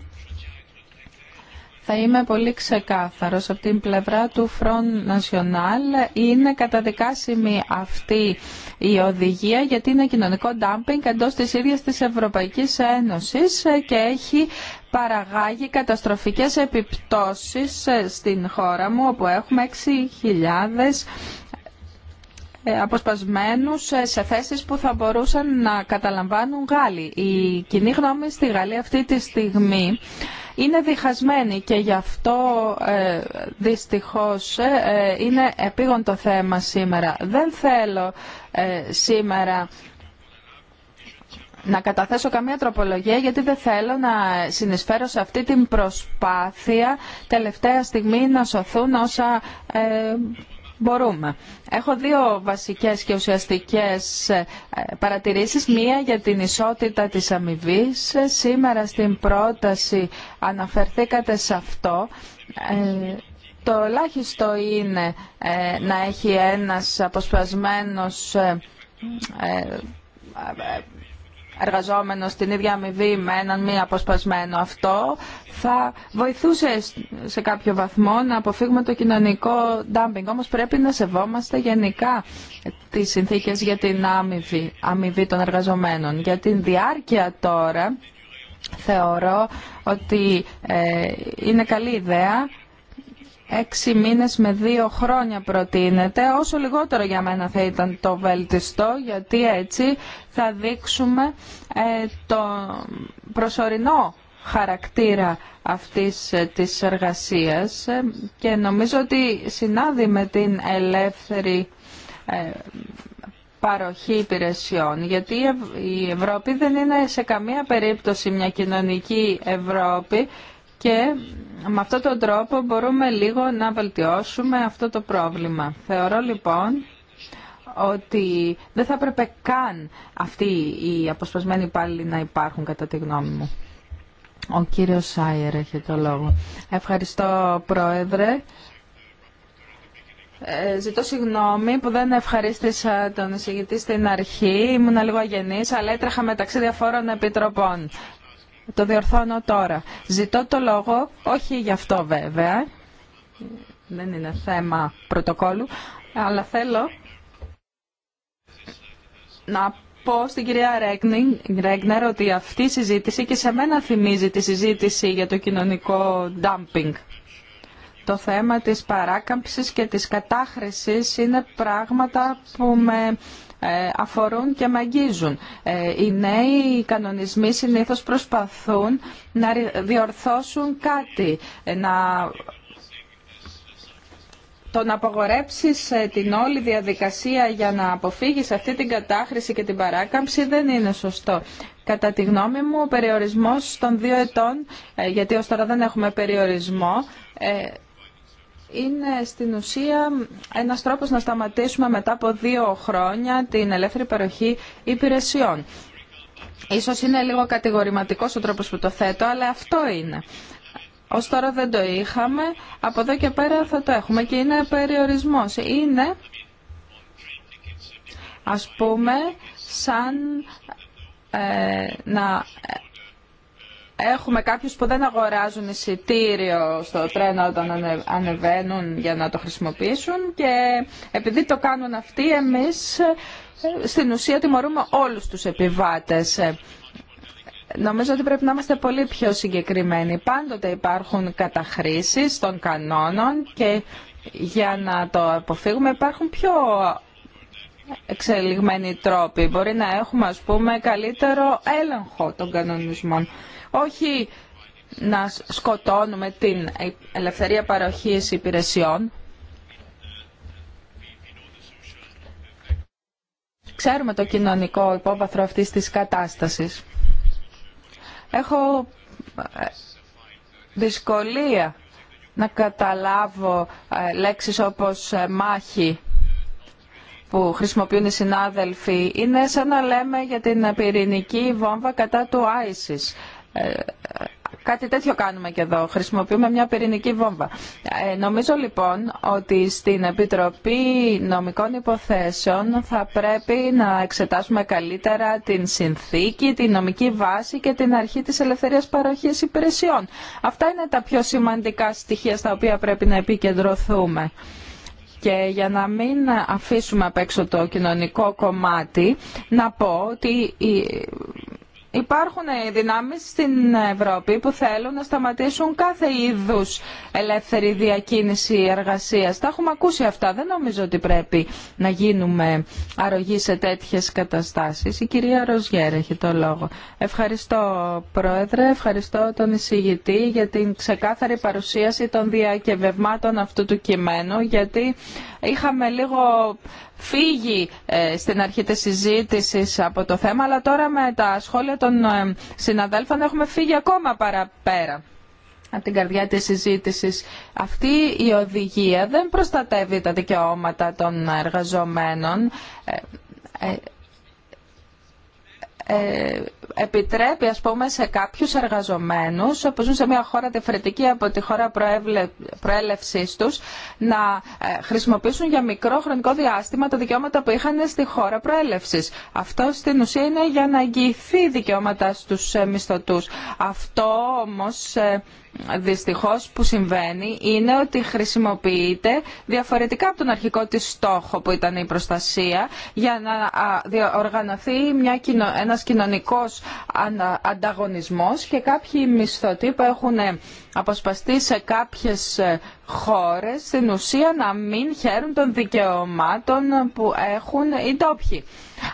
Θα είμαι πολύ ξεκάθαρος. Από την πλευρά του Front National είναι καταδικάσιμη αυτή η οδηγία γιατί είναι κοινωνικό ντάμπινγκ εντός της ίδια της Ευρωπαϊκής Ένωσης και έχει παραγάγει καταστροφικές επιπτώσεις στην χώρα μου όπου έχουμε 6.000 ε, αποσπασμένους ε, σε θέσεις που θα μπορούσαν να καταλαμβάνουν Γάλλοι. Η κοινή γνώμη στη Γαλλία αυτή τη στιγμή είναι διχασμένη και γι' αυτό ε, δυστυχώς είναι επίγον το θέμα σήμερα. Δεν θέλω σήμερα να καταθέσω καμία τροπολογία γιατί δεν θέλω να συνεισφέρω σε αυτή την προσπάθεια τελευταία στιγμή να σωθούν όσα μπορούμε. Έχω δύο βασικές και ουσιαστικές ε, παρατηρήσεις. Μία για την ισότητα της αμοιβή. Σήμερα στην πρόταση αναφερθήκατε σε αυτό. Ε, το ελάχιστο είναι ε, να έχει ένας αποσπασμένος εργαζόμενος την ίδια αμοιβή με έναν μη αποσπασμένο αυτό θα βοηθούσε σε κάποιο βαθμό να αποφύγουμε το κοινωνικό ντάμπινγκ. Όμως πρέπει να σεβόμαστε γενικά τις συνθήκες για την αμοιβή, αμοιβή των εργαζομένων. Για την διάρκεια τώρα θεωρώ ότι ε, είναι καλή ιδέα Έξι μήνες με δύο χρόνια προτείνεται. Όσο λιγότερο για μένα θα ήταν το βελτιστό, γιατί έτσι θα δείξουμε ε, το προσωρινό χαρακτήρα αυτής ε, της εργασίας ε, και νομίζω ότι συνάδει με την ελεύθερη παροχή υπηρεσιών, γιατί η Ευρώπη δεν είναι σε καμία περίπτωση μια κοινωνική Ευρώπη και με αυτόν τον τρόπο μπορούμε λίγο να βελτιώσουμε αυτό το πρόβλημα. Θεωρώ λοιπόν ότι δεν θα έπρεπε καν αυτοί οι αποσπασμένοι πάλι να υπάρχουν κατά τη γνώμη μου. Ο κύριος Σάιερ έχει το λόγο. Ευχαριστώ Πρόεδρε. Ε, ζητώ συγγνώμη που δεν ευχαρίστησα τον εισηγητή στην αρχή. Ήμουν λίγο αγενής, αλλά έτρεχα μεταξύ διαφόρων επιτροπών. Το διορθώνω τώρα. Ζητώ το λόγο, όχι γι' αυτό βέβαια, δεν είναι θέμα πρωτοκόλλου, αλλά θέλω να πω στην κυρία Ρέγνερ ότι αυτή η συζήτηση και σε μένα θυμίζει τη συζήτηση για το κοινωνικό dumping. Το θέμα της παράκαμψης και της κατάχρησης είναι πράγματα που με ε, αφορούν και μαγγίζουν. Ε, οι νέοι κανονισμοί συνήθως προσπαθούν να διορθώσουν κάτι, ε, να το να απογορέψεις την όλη διαδικασία για να αποφύγεις αυτή την κατάχρηση και την παράκαμψη δεν είναι σωστό. Κατά τη γνώμη μου, ο περιορισμός των δύο ετών, γιατί ως τώρα δεν έχουμε περιορισμό, είναι στην ουσία ένας τρόπος να σταματήσουμε μετά από δύο χρόνια την ελεύθερη παροχή υπηρεσιών. Ίσως είναι λίγο κατηγορηματικός ο τρόπος που το θέτω, αλλά αυτό είναι. Ως τώρα δεν το είχαμε, από εδώ και πέρα θα το έχουμε και είναι περιορισμός. Είναι, ας πούμε, σαν ε, να έχουμε κάποιους που δεν αγοράζουν εισιτήριο στο τρένο όταν ανεβαίνουν για να το χρησιμοποιήσουν και επειδή το κάνουν αυτοί εμείς ε, στην ουσία τιμωρούμε όλους τους επιβάτες. Νομίζω ότι πρέπει να είμαστε πολύ πιο συγκεκριμένοι. Πάντοτε υπάρχουν καταχρήσεις των κανόνων και για να το αποφύγουμε υπάρχουν πιο εξελιγμένοι τρόποι. Μπορεί να έχουμε ας πούμε καλύτερο έλεγχο των κανονισμών όχι να σκοτώνουμε την ελευθερία παροχής υπηρεσιών. Ξέρουμε το κοινωνικό υπόβαθρο αυτής της κατάστασης. Έχω ε, δυσκολία να καταλάβω ε, λέξεις όπως ε, μάχη που χρησιμοποιούν οι συνάδελφοι. Είναι σαν να λέμε για την πυρηνική βόμβα κατά του Άισις. Ε, κάτι τέτοιο κάνουμε και εδώ. Χρησιμοποιούμε μια πυρηνική βόμβα. Ε, νομίζω λοιπόν ότι στην Επιτροπή Νομικών Υποθέσεων θα πρέπει να εξετάσουμε καλύτερα την συνθήκη, την νομική βάση και την αρχή της ελευθερίας παροχής υπηρεσιών. Αυτά είναι τα πιο σημαντικά στοιχεία στα οποία πρέπει να επικεντρωθούμε. Και για να μην αφήσουμε απ' έξω το κοινωνικό κομμάτι, να πω ότι Υπάρχουν ε, δυνάμεις στην Ευρώπη που θέλουν να σταματήσουν κάθε είδους ελεύθερη διακίνηση εργασίας. Τα έχουμε ακούσει αυτά. Δεν νομίζω ότι πρέπει να γίνουμε αρρωγοί σε τέτοιες καταστάσεις. Η κυρία Ροζιέρ έχει το λόγο. Ευχαριστώ Πρόεδρε, ευχαριστώ τον εισηγητή για την ξεκάθαρη παρουσίαση των διακευευμάτων αυτού του κειμένου γιατί είχαμε λίγο φύγει ε, στην αρχή της συζήτησης από το θέμα, αλλά τώρα με τα σχόλια των ε, συναδέλφων έχουμε φύγει ακόμα παραπέρα από την καρδιά της συζήτησης. Αυτή η οδηγία δεν προστατεύει τα δικαιώματα των εργαζομένων. Ε, επιτρέπει ας πούμε σε κάποιους εργαζομένους που ζουν σε μια χώρα διαφορετική από τη χώρα προέλευσής τους να ε, χρησιμοποιήσουν για μικρό χρονικό διάστημα τα δικαιώματα που είχαν στη χώρα προέλευσης. Αυτό στην ουσία είναι για να εγγυηθεί δικαιώματα στους ε, μισθωτούς. Αυτό όμως ε, δυστυχώς που συμβαίνει είναι ότι χρησιμοποιείται διαφορετικά από τον αρχικό της στόχο που ήταν η προστασία για να οργανωθεί μια, ένας κοινωνικός ανταγωνισμός και κάποιοι μισθωτοί που έχουν ε, αποσπαστεί σε κάποιες ε, χώρες στην ουσία να μην χαίρουν των δικαιωμάτων που έχουν οι ντόπιοι.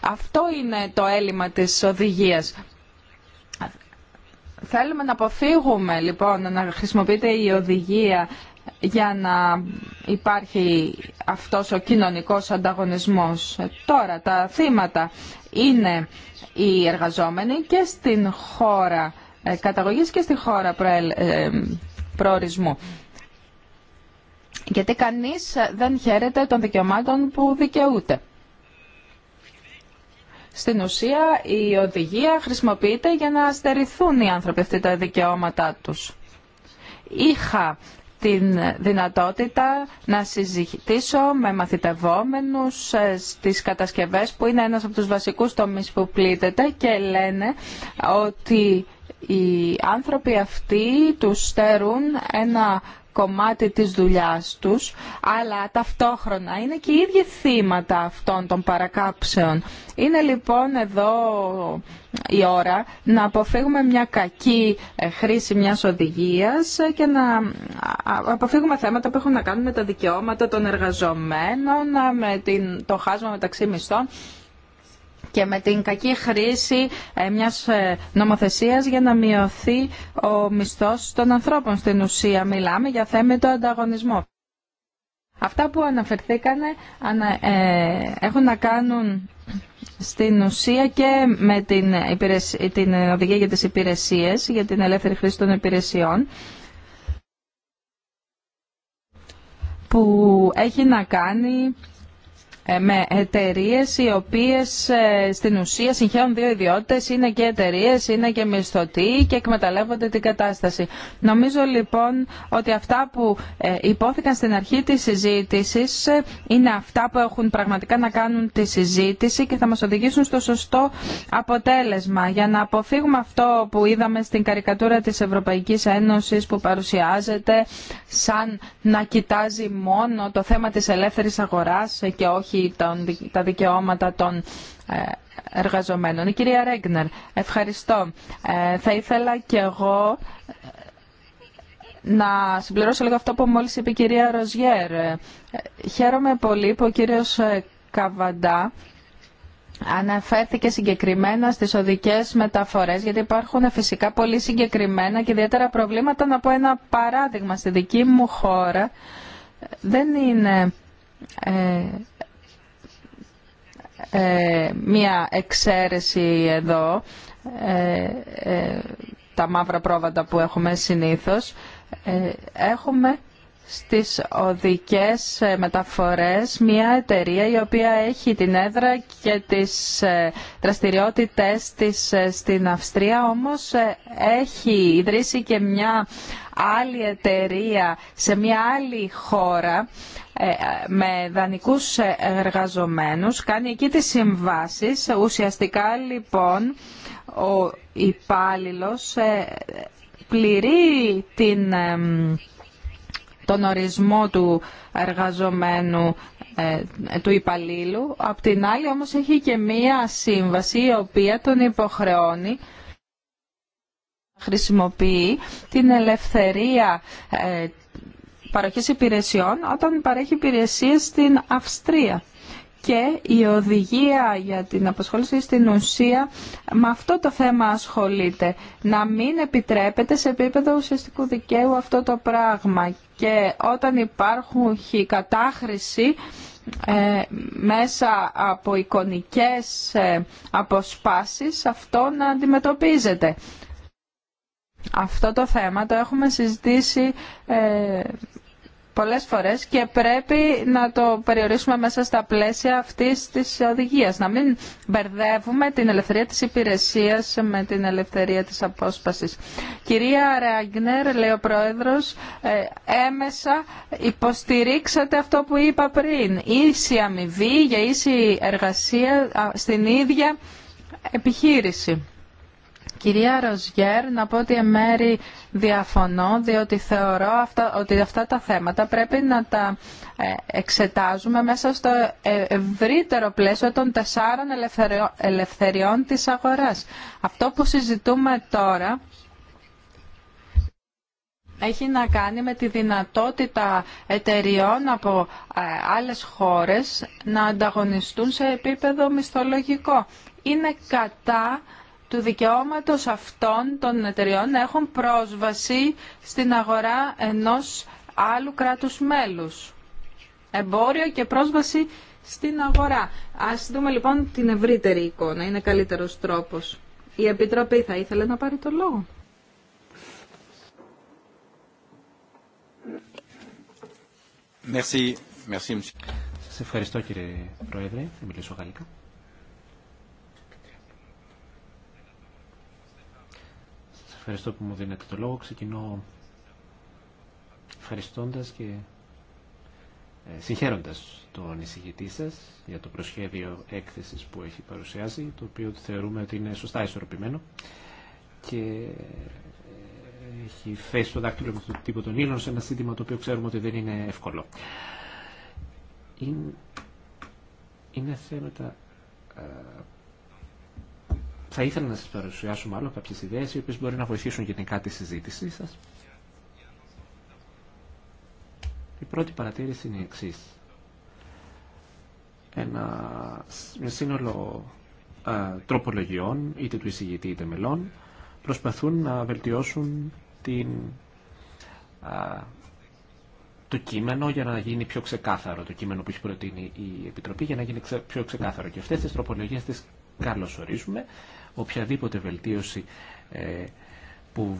Αυτό είναι το έλλειμμα της οδηγίας. Θέλουμε να αποφύγουμε λοιπόν να χρησιμοποιείται η οδηγία για να υπάρχει αυτός ο κοινωνικός ανταγωνισμός. Τώρα τα θύματα είναι οι εργαζόμενοι και στην χώρα ε, καταγωγής και στη χώρα ε, προορισμού. Γιατί κανείς δεν χαίρεται των δικαιωμάτων που δικαιούται. Στην ουσία η οδηγία χρησιμοποιείται για να στερηθούν οι άνθρωποι αυτοί τα δικαιώματά τους. Είχα την δυνατότητα να συζητήσω με μαθητευόμενους ε, στις κατασκευές που είναι ένας από τους βασικούς τομείς που πλήττεται και λένε ότι οι άνθρωποι αυτοί τους στέρουν ένα κομμάτι της δουλειάς τους, αλλά ταυτόχρονα είναι και οι ίδιοι θύματα αυτών των παρακάψεων. Είναι λοιπόν εδώ η ώρα να αποφύγουμε μια κακή ε, χρήση μιας οδηγίας και να αποφύγουμε θέματα που έχουν να κάνουν με τα δικαιώματα των εργαζομένων, με το χάσμα μεταξύ μισθών και με την κακή χρήση ε, μιας ε, νομοθεσίας για να μειωθεί ο μισθός των ανθρώπων στην ουσία. Μιλάμε για το ανταγωνισμό. Αυτά που αναφερθήκανε ε, έχουν να κάνουν στην ουσία και με την, την οδηγία για τις υπηρεσίες, για την ελεύθερη χρήση των υπηρεσιών, που έχει να κάνει ε, με εταιρείε οι οποίε ε, στην ουσία συγχαίουν δύο ιδιότητε, είναι και εταιρείε, είναι και μισθωτοί και εκμεταλλεύονται την κατάσταση. Νομίζω λοιπόν ότι αυτά που ε, υπόθηκαν στην αρχή τη συζήτηση είναι αυτά που έχουν πραγματικά να κάνουν τη συζήτηση και θα μα οδηγήσουν στο σωστό αποτέλεσμα για να αποφύγουμε αυτό που είδαμε στην καρικατούρα της Ευρωπαϊκή Ένωσης που παρουσιάζεται σαν να κοιτάζει μόνο το θέμα τη ελεύθερη αγορά και όχι τα δικαιώματα των ε, εργαζομένων. Η κυρία Ρέγνερ, ευχαριστώ. Ε, θα ήθελα και εγώ ε, να συμπληρώσω λίγο αυτό που μόλις είπε η κυρία Ροζιέρ. χαίρομαι πολύ που ο κύριος Καβαντά αναφέρθηκε συγκεκριμένα στις οδικές μεταφορές γιατί υπάρχουν φυσικά πολύ συγκεκριμένα και ιδιαίτερα προβλήματα να πω ένα παράδειγμα στη δική μου χώρα δεν είναι ε, μία εξαίρεση εδώ, ε, ε, τα μαύρα πρόβατα που έχουμε συνήθως. Έχουμε στις οδικές ε, μεταφορές μια εταιρεία η οποία έχει την έδρα και τις ε, δραστηριότητες της ε, στην Αυστρία όμως έχει ιδρύσει και μια άλλη εταιρεία σε μια άλλη χώρα με δανεικούς εργαζομένους κάνει εκεί τις συμβάσεις ουσιαστικά λοιπόν ο υπάλληλος πληρεί την τον ορισμό του εργαζομένου ε, του υπαλλήλου. Απ' την άλλη όμως έχει και μία σύμβαση η οποία τον υποχρεώνει να χρησιμοποιεί την ελευθερία ε, παροχής υπηρεσιών όταν παρέχει υπηρεσίες στην Αυστρία και η οδηγία για την απασχόληση στην ουσία με αυτό το θέμα ασχολείται. Να μην επιτρέπεται σε επίπεδο ουσιαστικού δικαίου αυτό το πράγμα και όταν υπάρχουν κατάχρηση ε, μέσα από εικονικές ε, αποσπάσεις αυτό να αντιμετωπίζεται. Αυτό το θέμα το έχουμε συζητήσει ε, πολλές φορές και πρέπει να το περιορίσουμε μέσα στα πλαίσια αυτής της οδηγίας. Να μην μπερδεύουμε την ελευθερία της υπηρεσίας με την ελευθερία της απόσπασης. Κυρία Ράγκνερ, λέει ο Πρόεδρος, ε, έμεσα υποστηρίξατε αυτό που είπα πριν. Ίση αμοιβή για ίση εργασία στην ίδια επιχείρηση κυρία Ροζιέρ, να πω ότι εμέρη διαφωνώ, διότι θεωρώ αυτά, ότι αυτά τα θέματα πρέπει να τα ε, εξετάζουμε μέσα στο ε, ευρύτερο πλαίσιο των τεσσάρων ελευθεριών της αγοράς. Αυτό που συζητούμε τώρα έχει να κάνει με τη δυνατότητα εταιριών από ε, άλλες χώρες να ανταγωνιστούν σε επίπεδο μισθολογικό. Είναι κατά του δικαιώματος αυτών των εταιριών να έχουν πρόσβαση στην αγορά ενός άλλου κράτους μέλους. Εμπόριο και πρόσβαση στην αγορά. Ας δούμε λοιπόν την ευρύτερη εικόνα, είναι καλύτερος τρόπος. Η Επιτροπή θα ήθελε να πάρει το λόγο. Merci. Merci, Σας ευχαριστώ κύριε Πρόεδρε, θα μιλήσω γαλλικά. Ευχαριστώ που μου δίνετε το λόγο. Ξεκινώ ευχαριστώντα και ε, συγχαίροντα τον εισηγητή σα για το προσχέδιο έκθεσης που έχει παρουσιάσει, το οποίο θεωρούμε ότι είναι σωστά ισορροπημένο και ε, έχει θέσει το δάκτυλο με τον τύπο των ήλων σε ένα σύντημα το οποίο ξέρουμε ότι δεν είναι εύκολο. Είναι, είναι θέματα ε, θα ήθελα να σας παρουσιάσω μάλλον κάποιες ιδέες οι οποίες μπορεί να βοηθήσουν γενικά τη συζήτησή σας. Η πρώτη παρατήρηση είναι η εξή. Ένα σύνολο τροπολογιών, είτε του εισηγητή είτε μελών, προσπαθούν να βελτιώσουν την, α, το κείμενο για να γίνει πιο ξεκάθαρο, το κείμενο που έχει προτείνει η Επιτροπή για να γίνει πιο ξεκάθαρο. Και αυτές τις τροπολογίες τις καλωσορίζουμε οποιαδήποτε βελτίωση ε, που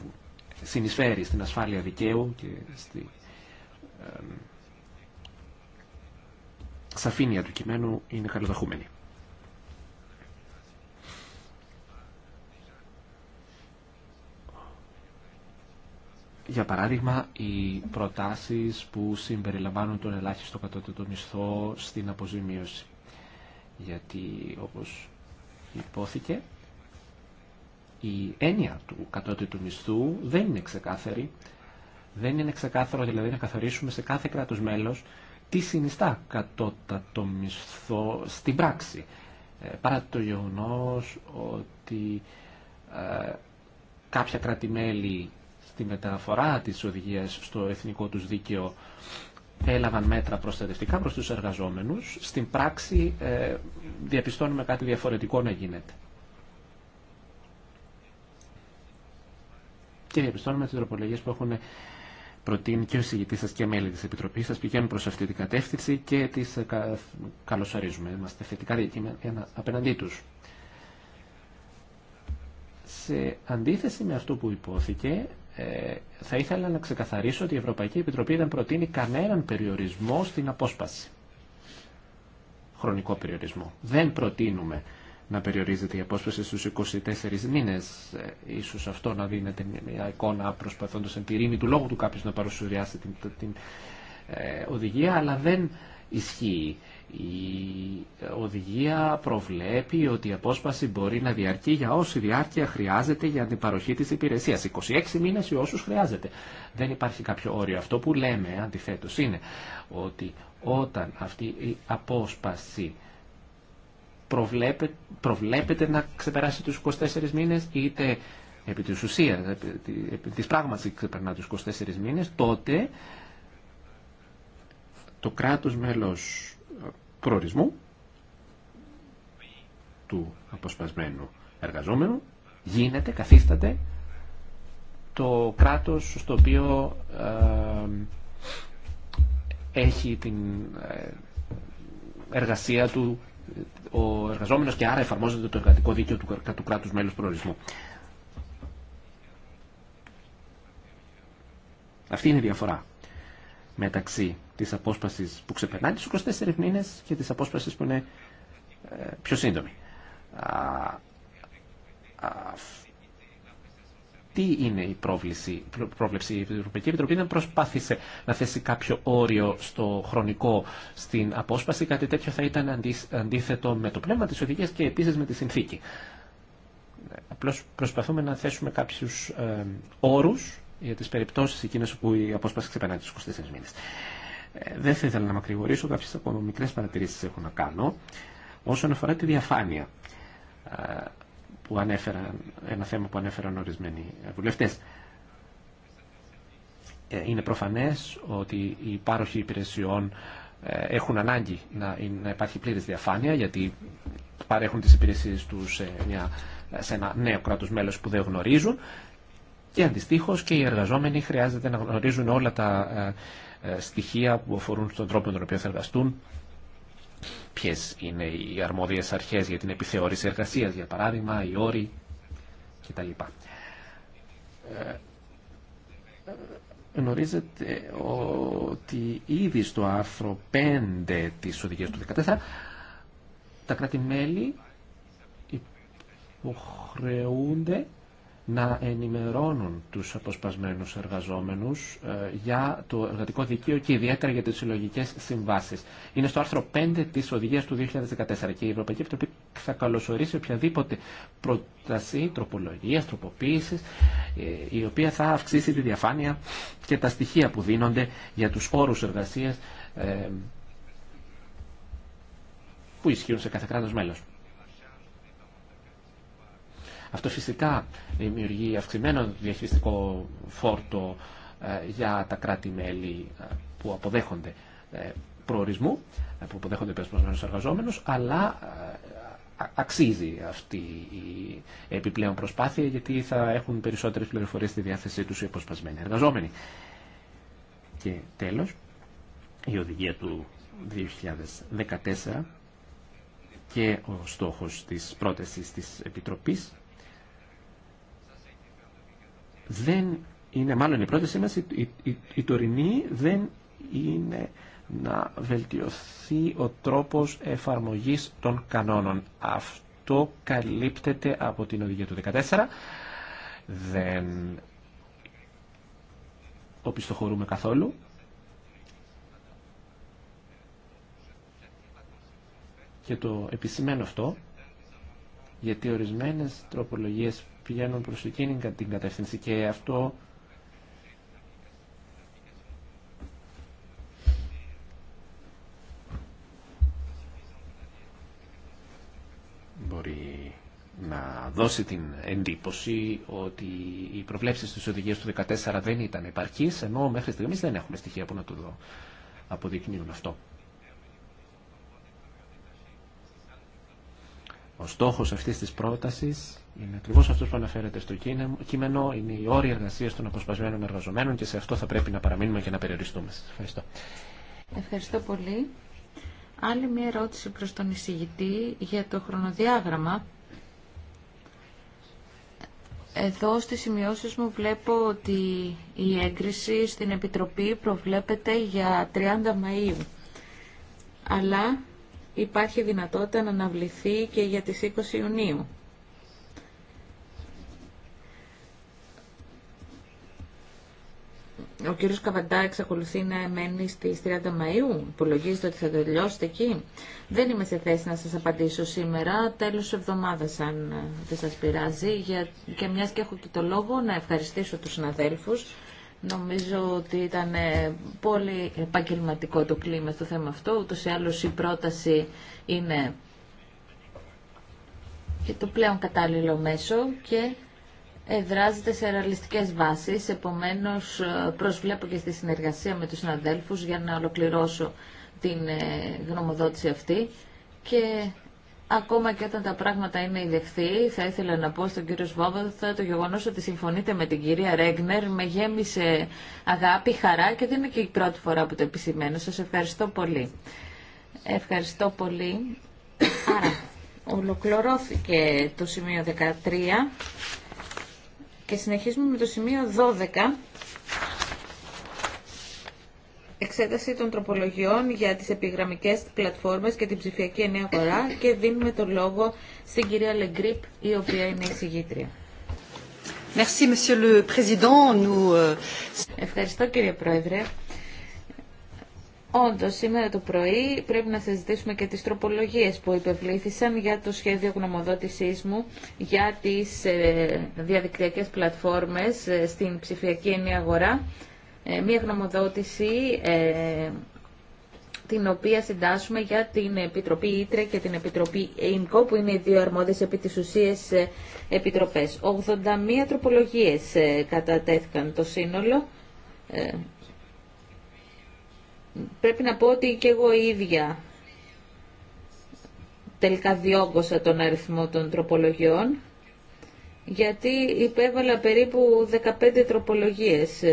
συνεισφέρει στην ασφάλεια δικαίου και στη σαφήνεια του κειμένου είναι καλοδαχούμενη. Για παράδειγμα, οι προτάσεις που συμπεριλαμβάνουν τον ελάχιστο κατώτατο μισθό στην αποζημίωση. Γιατί, όπως υπόθηκε, η έννοια του του μισθού δεν είναι ξεκάθαρη. Δεν είναι ξεκάθαρο δηλαδή να καθορίσουμε σε κάθε κράτος μέλος τι συνιστά κατώτατο μισθό στην πράξη. Ε, παρά το γεγονό ότι ε, κάποια κράτη-μέλη στη μεταφορά της οδηγίας στο εθνικό τους δίκαιο έλαβαν μέτρα προστατευτικά προς τους εργαζόμενους, στην πράξη ε, διαπιστώνουμε κάτι διαφορετικό να γίνεται. και διαπιστώνουμε ότι οι τροπολογίε που έχουν προτείνει και ο συγητή σα και μέλη τη Επιτροπή σα πηγαίνουν προ αυτή την κατεύθυνση και τι ε, καλωσορίζουμε. Είμαστε θετικά απέναντί του. Σε αντίθεση με αυτό που υπόθηκε, ε, θα ήθελα να ξεκαθαρίσω ότι η Ευρωπαϊκή Επιτροπή δεν προτείνει κανέναν περιορισμό στην απόσπαση. Χρονικό περιορισμό. Δεν προτείνουμε να περιορίζεται η απόσπαση στους 24 μήνες. Ε, ίσως αυτό να δίνεται μια εικόνα προσπαθώντας εν τη του λόγου του κάποιος να παρουσιάσει την, την ε, οδηγία, αλλά δεν ισχύει. Η ε, οδηγία προβλέπει ότι η απόσπαση μπορεί να διαρκεί για όση διάρκεια χρειάζεται για την παροχή της υπηρεσίας. 26 μήνες ή όσους χρειάζεται. Δεν υπάρχει κάποιο όριο. Αυτό που λέμε αντιθέτως είναι ότι όταν αυτή η απόσπαση προβλέπε, να ξεπεράσει τους 24 μήνες είτε επί της ουσίας, επί, της πράγματι ξεπερνά τους 24 μήνες, τότε το κράτος μέλος ε, προορισμού του αποσπασμένου εργαζόμενου γίνεται, καθίσταται το κράτος στο οποίο ε, έχει την ε, εργασία του ο εργαζόμενο και άρα εφαρμόζεται το εργατικό δίκαιο του, του κράτου μέλου προορισμού. Αυτή είναι η διαφορά μεταξύ τη απόσπαση που ξεπερνά τις 24 μήνε και τη απόσπαση που είναι ε, πιο σύντομη τι είναι η πρόβληση, πρόβλεψη. Η Ευρωπαϊκή Επιτροπή δεν προσπάθησε να θέσει κάποιο όριο στο χρονικό στην απόσπαση. Κάτι τέτοιο θα ήταν αντίθετο με το πνεύμα της οδηγίας και επίσης με τη συνθήκη. Απλώς προσπαθούμε να θέσουμε κάποιους ε, όρους για τις περιπτώσεις εκείνες που η απόσπαση ξεπερνάει τους 24 μήνες. Ε, δεν θα ήθελα να μακρηγορήσω, κάποιες ακόμα μικρές παρατηρήσεις έχω να κάνω. Όσον αφορά τη διαφάνεια, ε, που ανέφεραν, ένα θέμα που ανέφεραν ορισμένοι βουλευτέ. Ε, είναι προφανές ότι οι πάροχοι υπηρεσιών ε, έχουν ανάγκη να, υπάρχει πλήρης διαφάνεια γιατί παρέχουν τις υπηρεσίες τους σε, ένα νέο κράτος μέλος που δεν γνωρίζουν και αντιστοίχω και οι εργαζόμενοι χρειάζεται να γνωρίζουν όλα τα ε, στοιχεία που αφορούν στον τρόπο με τον οποίο θα εργαστούν Ποιε είναι οι αρμόδιε αρχέ για την επιθεώρηση εργασία, για παράδειγμα, οι όροι κτλ. Ε, ε, γνωρίζετε ότι ήδη στο άρθρο 5 της οδηγίας του 2014 τα κράτη-μέλη υποχρεούνται να ενημερώνουν τους αποσπασμένους εργαζόμενους ε, για το εργατικό δικαίωμα και ιδιαίτερα για τις συλλογικέ συμβάσεις. Είναι στο άρθρο 5 της οδηγίας του 2014 και η Ευρωπαϊκή Επιτροπή θα καλωσορίσει οποιαδήποτε πρόταση τροπολογία, τροποποίηση ε, η οποία θα αυξήσει τη διαφάνεια και τα στοιχεία που δίνονται για τους όρους εργασίας ε, που ισχύουν σε κάθε κράτος μέλος. Αυτό φυσικά δημιουργεί αυξημένο διαχειριστικό φόρτο ε, για τα κράτη-μέλη ε, που αποδέχονται ε, προορισμού, που αποδέχονται υπεσπασμένους εργαζόμενους, αλλά αξίζει αυτή η επιπλέον προσπάθεια γιατί θα έχουν περισσότερες πληροφορίες στη διάθεσή τους οι αποσπασμένοι εργαζόμενοι. Και τέλος, η οδηγία του 2014 και ο στόχος της πρότασης της Επιτροπής δεν είναι, μάλλον η πρώτη μας, η, η, τωρινή δεν είναι να βελτιωθεί ο τρόπος εφαρμογής των κανόνων. Αυτό καλύπτεται από την οδηγία του 14. Δεν οπισθοχωρούμε καθόλου. Και το επισημαίνω αυτό, γιατί ορισμένες τροπολογίες πηγαίνουν προς εκείνη την κατεύθυνση και αυτό μπορεί να δώσει την εντύπωση ότι οι προβλέψεις της οδηγίας του 2014 δεν ήταν επαρκείς, ενώ μέχρι στιγμής δεν έχουμε στοιχεία που να το δω. αποδεικνύουν αυτό. Ο στόχος αυτής της πρότασης είναι ακριβώ αυτό που αναφέρεται στο κείμενο, είναι η όρια εργασία των αποσπασμένων εργαζομένων και σε αυτό θα πρέπει να παραμείνουμε και να περιοριστούμε. ευχαριστώ. Ευχαριστώ πολύ. Άλλη μια ερώτηση προς τον εισηγητή για το χρονοδιάγραμμα. Εδώ στις σημειώσεις μου βλέπω ότι η έγκριση στην Επιτροπή προβλέπεται για 30 Μαΐου. Αλλά υπάρχει δυνατότητα να αναβληθεί και για τις 20 Ιουνίου. Ο κύριος Καβαντά εξακολουθεί να μένει στις 30 Μαΐου. Υπολογίζεται ότι θα το τελειώσετε εκεί. Δεν είμαι σε θέση να σας απαντήσω σήμερα. Τέλος εβδομάδας, αν δεν σας πειράζει. Και μιας και έχω και το λόγο, να ευχαριστήσω τους συναδέλφους Νομίζω ότι ήταν ε, πολύ επαγγελματικό το κλίμα στο θέμα αυτό. Ούτως ή άλλως η πρόταση είναι και το πλέον κατάλληλο μέσο και εδράζεται σε ρεαλιστικές βάσεις. Επομένως, ε, προσβλέπω και στη συνεργασία με τους συναδέλφους για να ολοκληρώσω την ε, γνωμοδότηση αυτή και Ακόμα και όταν τα πράγματα είναι ιδεχθή, θα ήθελα να πω στον κύριο Σβόβαθα το γεγονός ότι συμφωνείτε με την κυρία Ρέγνερ με γέμισε αγάπη, χαρά και δεν είναι και η πρώτη φορά που το επισημαίνω. Σας ευχαριστώ πολύ. Ευχαριστώ πολύ. Άρα, ολοκληρώθηκε το σημείο 13 και συνεχίζουμε με το σημείο 12 εξέταση των τροπολογιών για τις επιγραμμικές πλατφόρμες και την ψηφιακή ενέα αγορά και δίνουμε το λόγο στην κυρία Λεγκρίπ, η οποία είναι η συγγήτρια. Euh, Ευχαριστώ κύριε Πρόεδρε. Όντω, σήμερα το πρωί πρέπει να συζητήσουμε και τις τροπολογίες που υπευλήθησαν για το σχέδιο γνωμοδότησής μου για τις ε, διαδικτυακές πλατφόρμες ε, στην ψηφιακή ενή αγορά ε, μία γνωμοδότηση ε, την οποία συντάσσουμε για την Επιτροπή Ήτρε και την Επιτροπή ΕΙΜΚΟ, που είναι οι δύο αρμόδιες επί της ουσίας ε, επιτροπές. 81 τροπολογίες κατατέθηκαν το σύνολο. Πρέπει να πω ότι και εγώ ίδια τελικά διόγκωσα τον αριθμό των τροπολογιών, γιατί υπέβαλα περίπου 15 τροπολογίες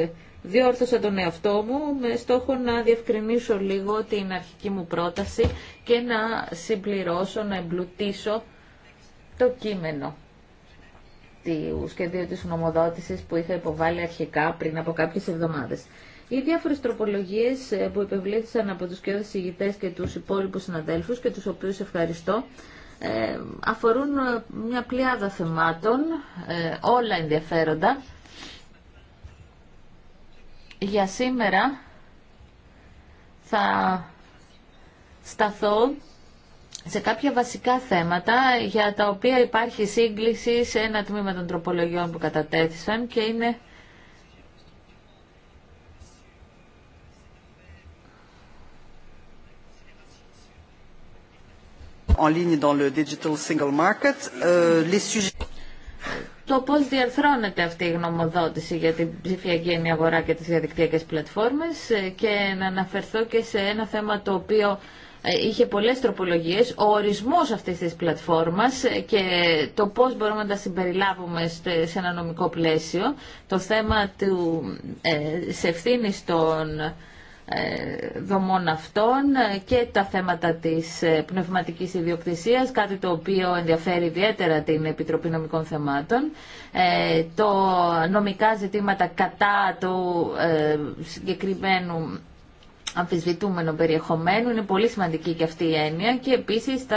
διόρθωσα τον εαυτό μου με στόχο να διευκρινίσω λίγο την αρχική μου πρόταση και να συμπληρώσω, να εμπλουτίσω το κείμενο του σχεδίου της νομοδότησης που είχα υποβάλει αρχικά πριν από κάποιες εβδομάδες. Οι διάφορες τροπολογίες ε, που υπευλήθησαν από τους και ηγητές και τους υπόλοιπους συναδέλφους και τους οποίους ευχαριστώ ε, αφορούν ε, μια πλειάδα θεμάτων, όλα ενδιαφέροντα για σήμερα θα σταθώ σε κάποια βασικά θέματα για τα οποία υπάρχει σύγκληση σε ένα τμήμα των τροπολογιών που κατατέθησαν και είναι en ligne dans digital single market. Euh, les sujets το πώς διαρθρώνεται αυτή η γνωμοδότηση για την ψηφιακή αγορά και τις διαδικτυακές πλατφόρμες ε, και να αναφερθώ και σε ένα θέμα το οποίο ε, είχε πολλές τροπολογίες, ο ορισμός αυτής της πλατφόρμας ε, και το πώς μπορούμε να τα συμπεριλάβουμε σε ένα νομικό πλαίσιο, το θέμα του, σε ευθύνη των ε, δομών αυτών ε, και τα θέματα της ε, πνευματικής ιδιοκτησίας, κάτι το οποίο ενδιαφέρει ιδιαίτερα την Επιτροπή Νομικών Θεμάτων, το νομικά ζητήματα κατά του συγκεκριμένου αμφισβητούμενο περιεχομένου. Είναι πολύ σημαντική και αυτή η έννοια και επίσης ε,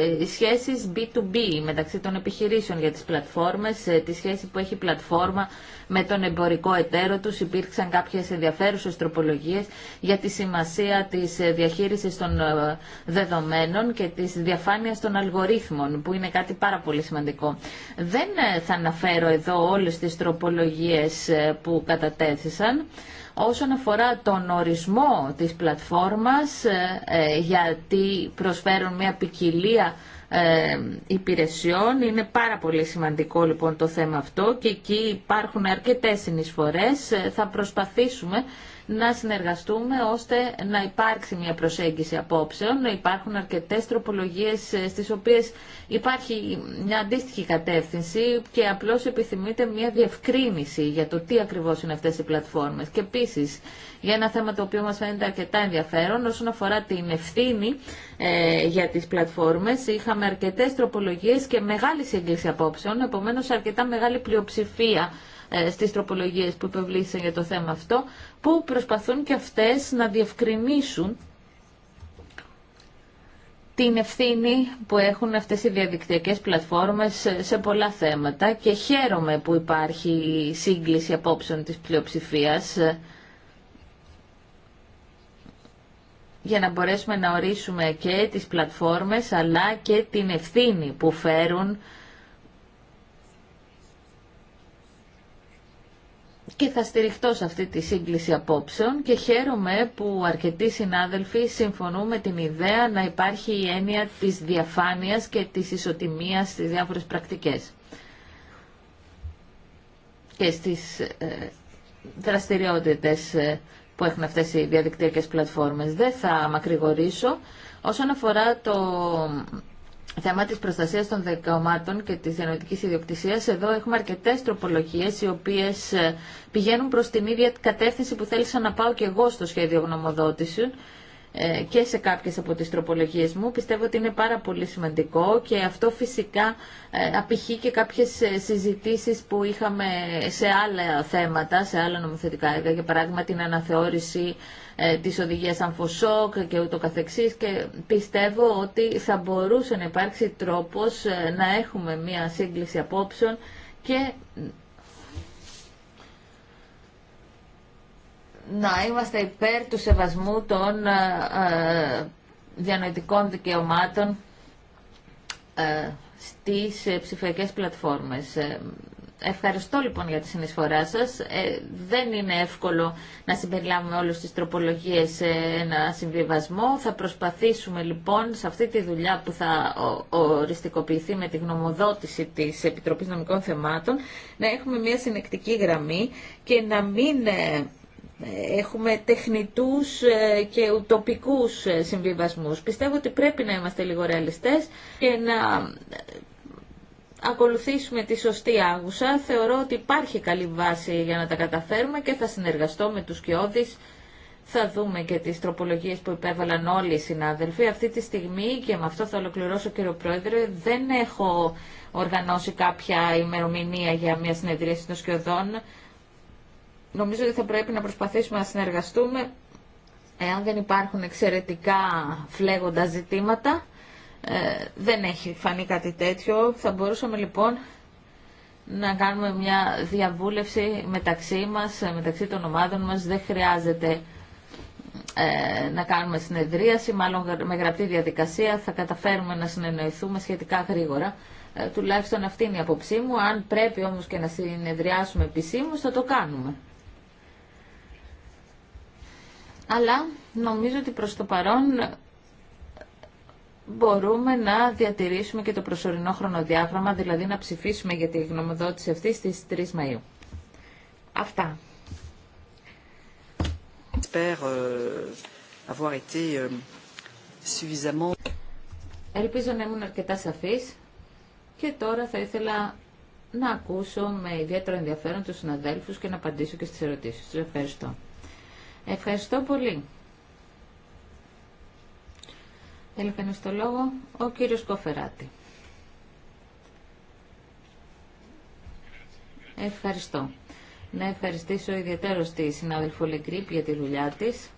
ε, οι σχέσεις B2B μεταξύ των επιχειρήσεων για τις πλατφόρμες, ε, τη σχέση που έχει η πλατφόρμα με τον εμπορικό εταίρο του Υπήρξαν κάποιες ενδιαφέρουσε τροπολογίες για τη σημασία της ε, διαχείρισης των δεδομένων και της διαφάνειας των αλγορίθμων, που είναι κάτι πάρα πολύ σημαντικό. Δεν θα αναφέρω εδώ όλες τις τροπολογίες που κατατέθησαν. Όσον αφορά τον ορισμό της πλατφόρμας, ε, ε, γιατί προσφέρουν μια ποικιλία ε, υπηρεσιών, είναι πάρα πολύ σημαντικό λοιπόν το θέμα αυτό και εκεί υπάρχουν αρκετές συνεισφορές. Θα προσπαθήσουμε να συνεργαστούμε ώστε να υπάρξει μια προσέγγιση απόψεων, να υπάρχουν αρκετές τροπολογίες ε, στις οποίες υπάρχει μια αντίστοιχη κατεύθυνση και απλώς επιθυμείται μια διευκρίνηση για το τι ακριβώς είναι αυτές οι πλατφόρμες. Και επίση για ένα θέμα το οποίο μας φαίνεται αρκετά ενδιαφέρον, όσον αφορά την ευθύνη ε, για τις πλατφόρμες, είχαμε αρκετές τροπολογίες και μεγάλη σύγκληση απόψεων, επομένως αρκετά μεγάλη πλειοψηφία ε, στις τροπολογίες που υπευλήθησαν για το θέμα αυτό που προσπαθούν και αυτές να διευκρινίσουν την ευθύνη που έχουν αυτές οι διαδικτυακές πλατφόρμες σε πολλά θέματα και χαίρομαι που υπάρχει σύγκληση απόψεων της πλειοψηφίας ε, για να μπορέσουμε να ορίσουμε και τις πλατφόρμες αλλά και την ευθύνη που φέρουν και θα στηριχτώ σε αυτή τη σύγκληση απόψεων και χαίρομαι που αρκετοί συνάδελφοι συμφωνούν με την ιδέα να υπάρχει η έννοια της διαφάνειας και της ισοτιμίας στις διάφορες πρακτικές και στις ε, δραστηριότητες ε, που έχουν αυτές οι διαδικτυακές πλατφόρμες. Δεν θα μακρηγορήσω. Όσον αφορά το θέμα της προστασίας των δικαιωμάτων και της διανοητικής ιδιοκτησίας, εδώ έχουμε αρκετές τροπολογίες οι οποίες ε, πηγαίνουν προς την ίδια κατεύθυνση που θέλησα να πάω και εγώ στο σχέδιο γνωμοδότηση ε, και σε κάποιες από τις τροπολογίες μου. Πιστεύω ότι είναι πάρα πολύ σημαντικό και αυτό φυσικά ε, απηχεί και κάποιες ε, συζητήσεις που είχαμε σε άλλα θέματα, σε άλλα νομοθετικά έργα, για παράδειγμα την αναθεώρηση της οδηγίας Αμφωσόκ και ούτω καθεξής και πιστεύω ότι θα μπορούσε να υπάρξει τρόπος να έχουμε μία σύγκληση απόψεων και να είμαστε υπέρ του σεβασμού των ε, ε, διανοητικών δικαιωμάτων ε, στις ε, ψηφιακές πλατφόρμες. Ευχαριστώ λοιπόν για τη συνεισφορά σας. δεν είναι εύκολο να συμπεριλάβουμε όλες τις τροπολογίες σε ένα συμβιβασμό. Θα προσπαθήσουμε λοιπόν σε αυτή τη δουλειά που θα οριστικοποιηθεί με τη γνωμοδότηση της Επιτροπής Νομικών Θεμάτων να έχουμε μια συνεκτική γραμμή και να μην ε, έχουμε τεχνητούς ε, και ουτοπικούς ε, συμβιβασμούς. Πιστεύω ότι πρέπει να είμαστε λίγο ρεαλιστές και να ακολουθήσουμε τη σωστή άγουσα. Θεωρώ ότι υπάρχει καλή βάση για να τα καταφέρουμε και θα συνεργαστώ με τους Κιώδης. Θα δούμε και τις τροπολογίες που υπέβαλαν όλοι οι συνάδελφοι. Αυτή τη στιγμή, και με αυτό θα ολοκληρώσω κύριο Πρόεδρε, δεν έχω οργανώσει κάποια ημερομηνία για μια συνεδρίαση των σκιωδών νομίζω ότι θα πρέπει να προσπαθήσουμε να συνεργαστούμε εάν δεν υπάρχουν εξαιρετικά φλέγοντα ζητήματα. Ε, δεν έχει φανεί κάτι τέτοιο. Θα μπορούσαμε λοιπόν να κάνουμε μια διαβούλευση μεταξύ μας, μεταξύ των ομάδων μας. Δεν χρειάζεται ε, να κάνουμε συνεδρίαση, μάλλον με γραπτή διαδικασία θα καταφέρουμε να συνεννοηθούμε σχετικά γρήγορα. Ε, τουλάχιστον αυτή είναι η απόψή μου. Αν πρέπει όμως και να συνεδριάσουμε επισήμως θα το κάνουμε αλλά νομίζω ότι προς το παρόν μπορούμε να διατηρήσουμε και το προσωρινό χρονοδιάγραμμα, δηλαδή να ψηφίσουμε για τη γνωμοδότηση αυτή στις 3 Μαΐου. Αυτά. Euh, euh, Ελπίζω να ήμουν αρκετά σαφής και τώρα θα ήθελα να ακούσω με ιδιαίτερο ενδιαφέρον τους συναδέλφους και να απαντήσω και στις ερωτήσεις τους. Ευχαριστώ. Ευχαριστώ πολύ. Θέλει το λόγο. Ο κύριος Κοφεράτη. Ευχαριστώ. Να ευχαριστήσω ιδιαίτερα τη συνάδελφο Λεγκρίπ για τη δουλειά της.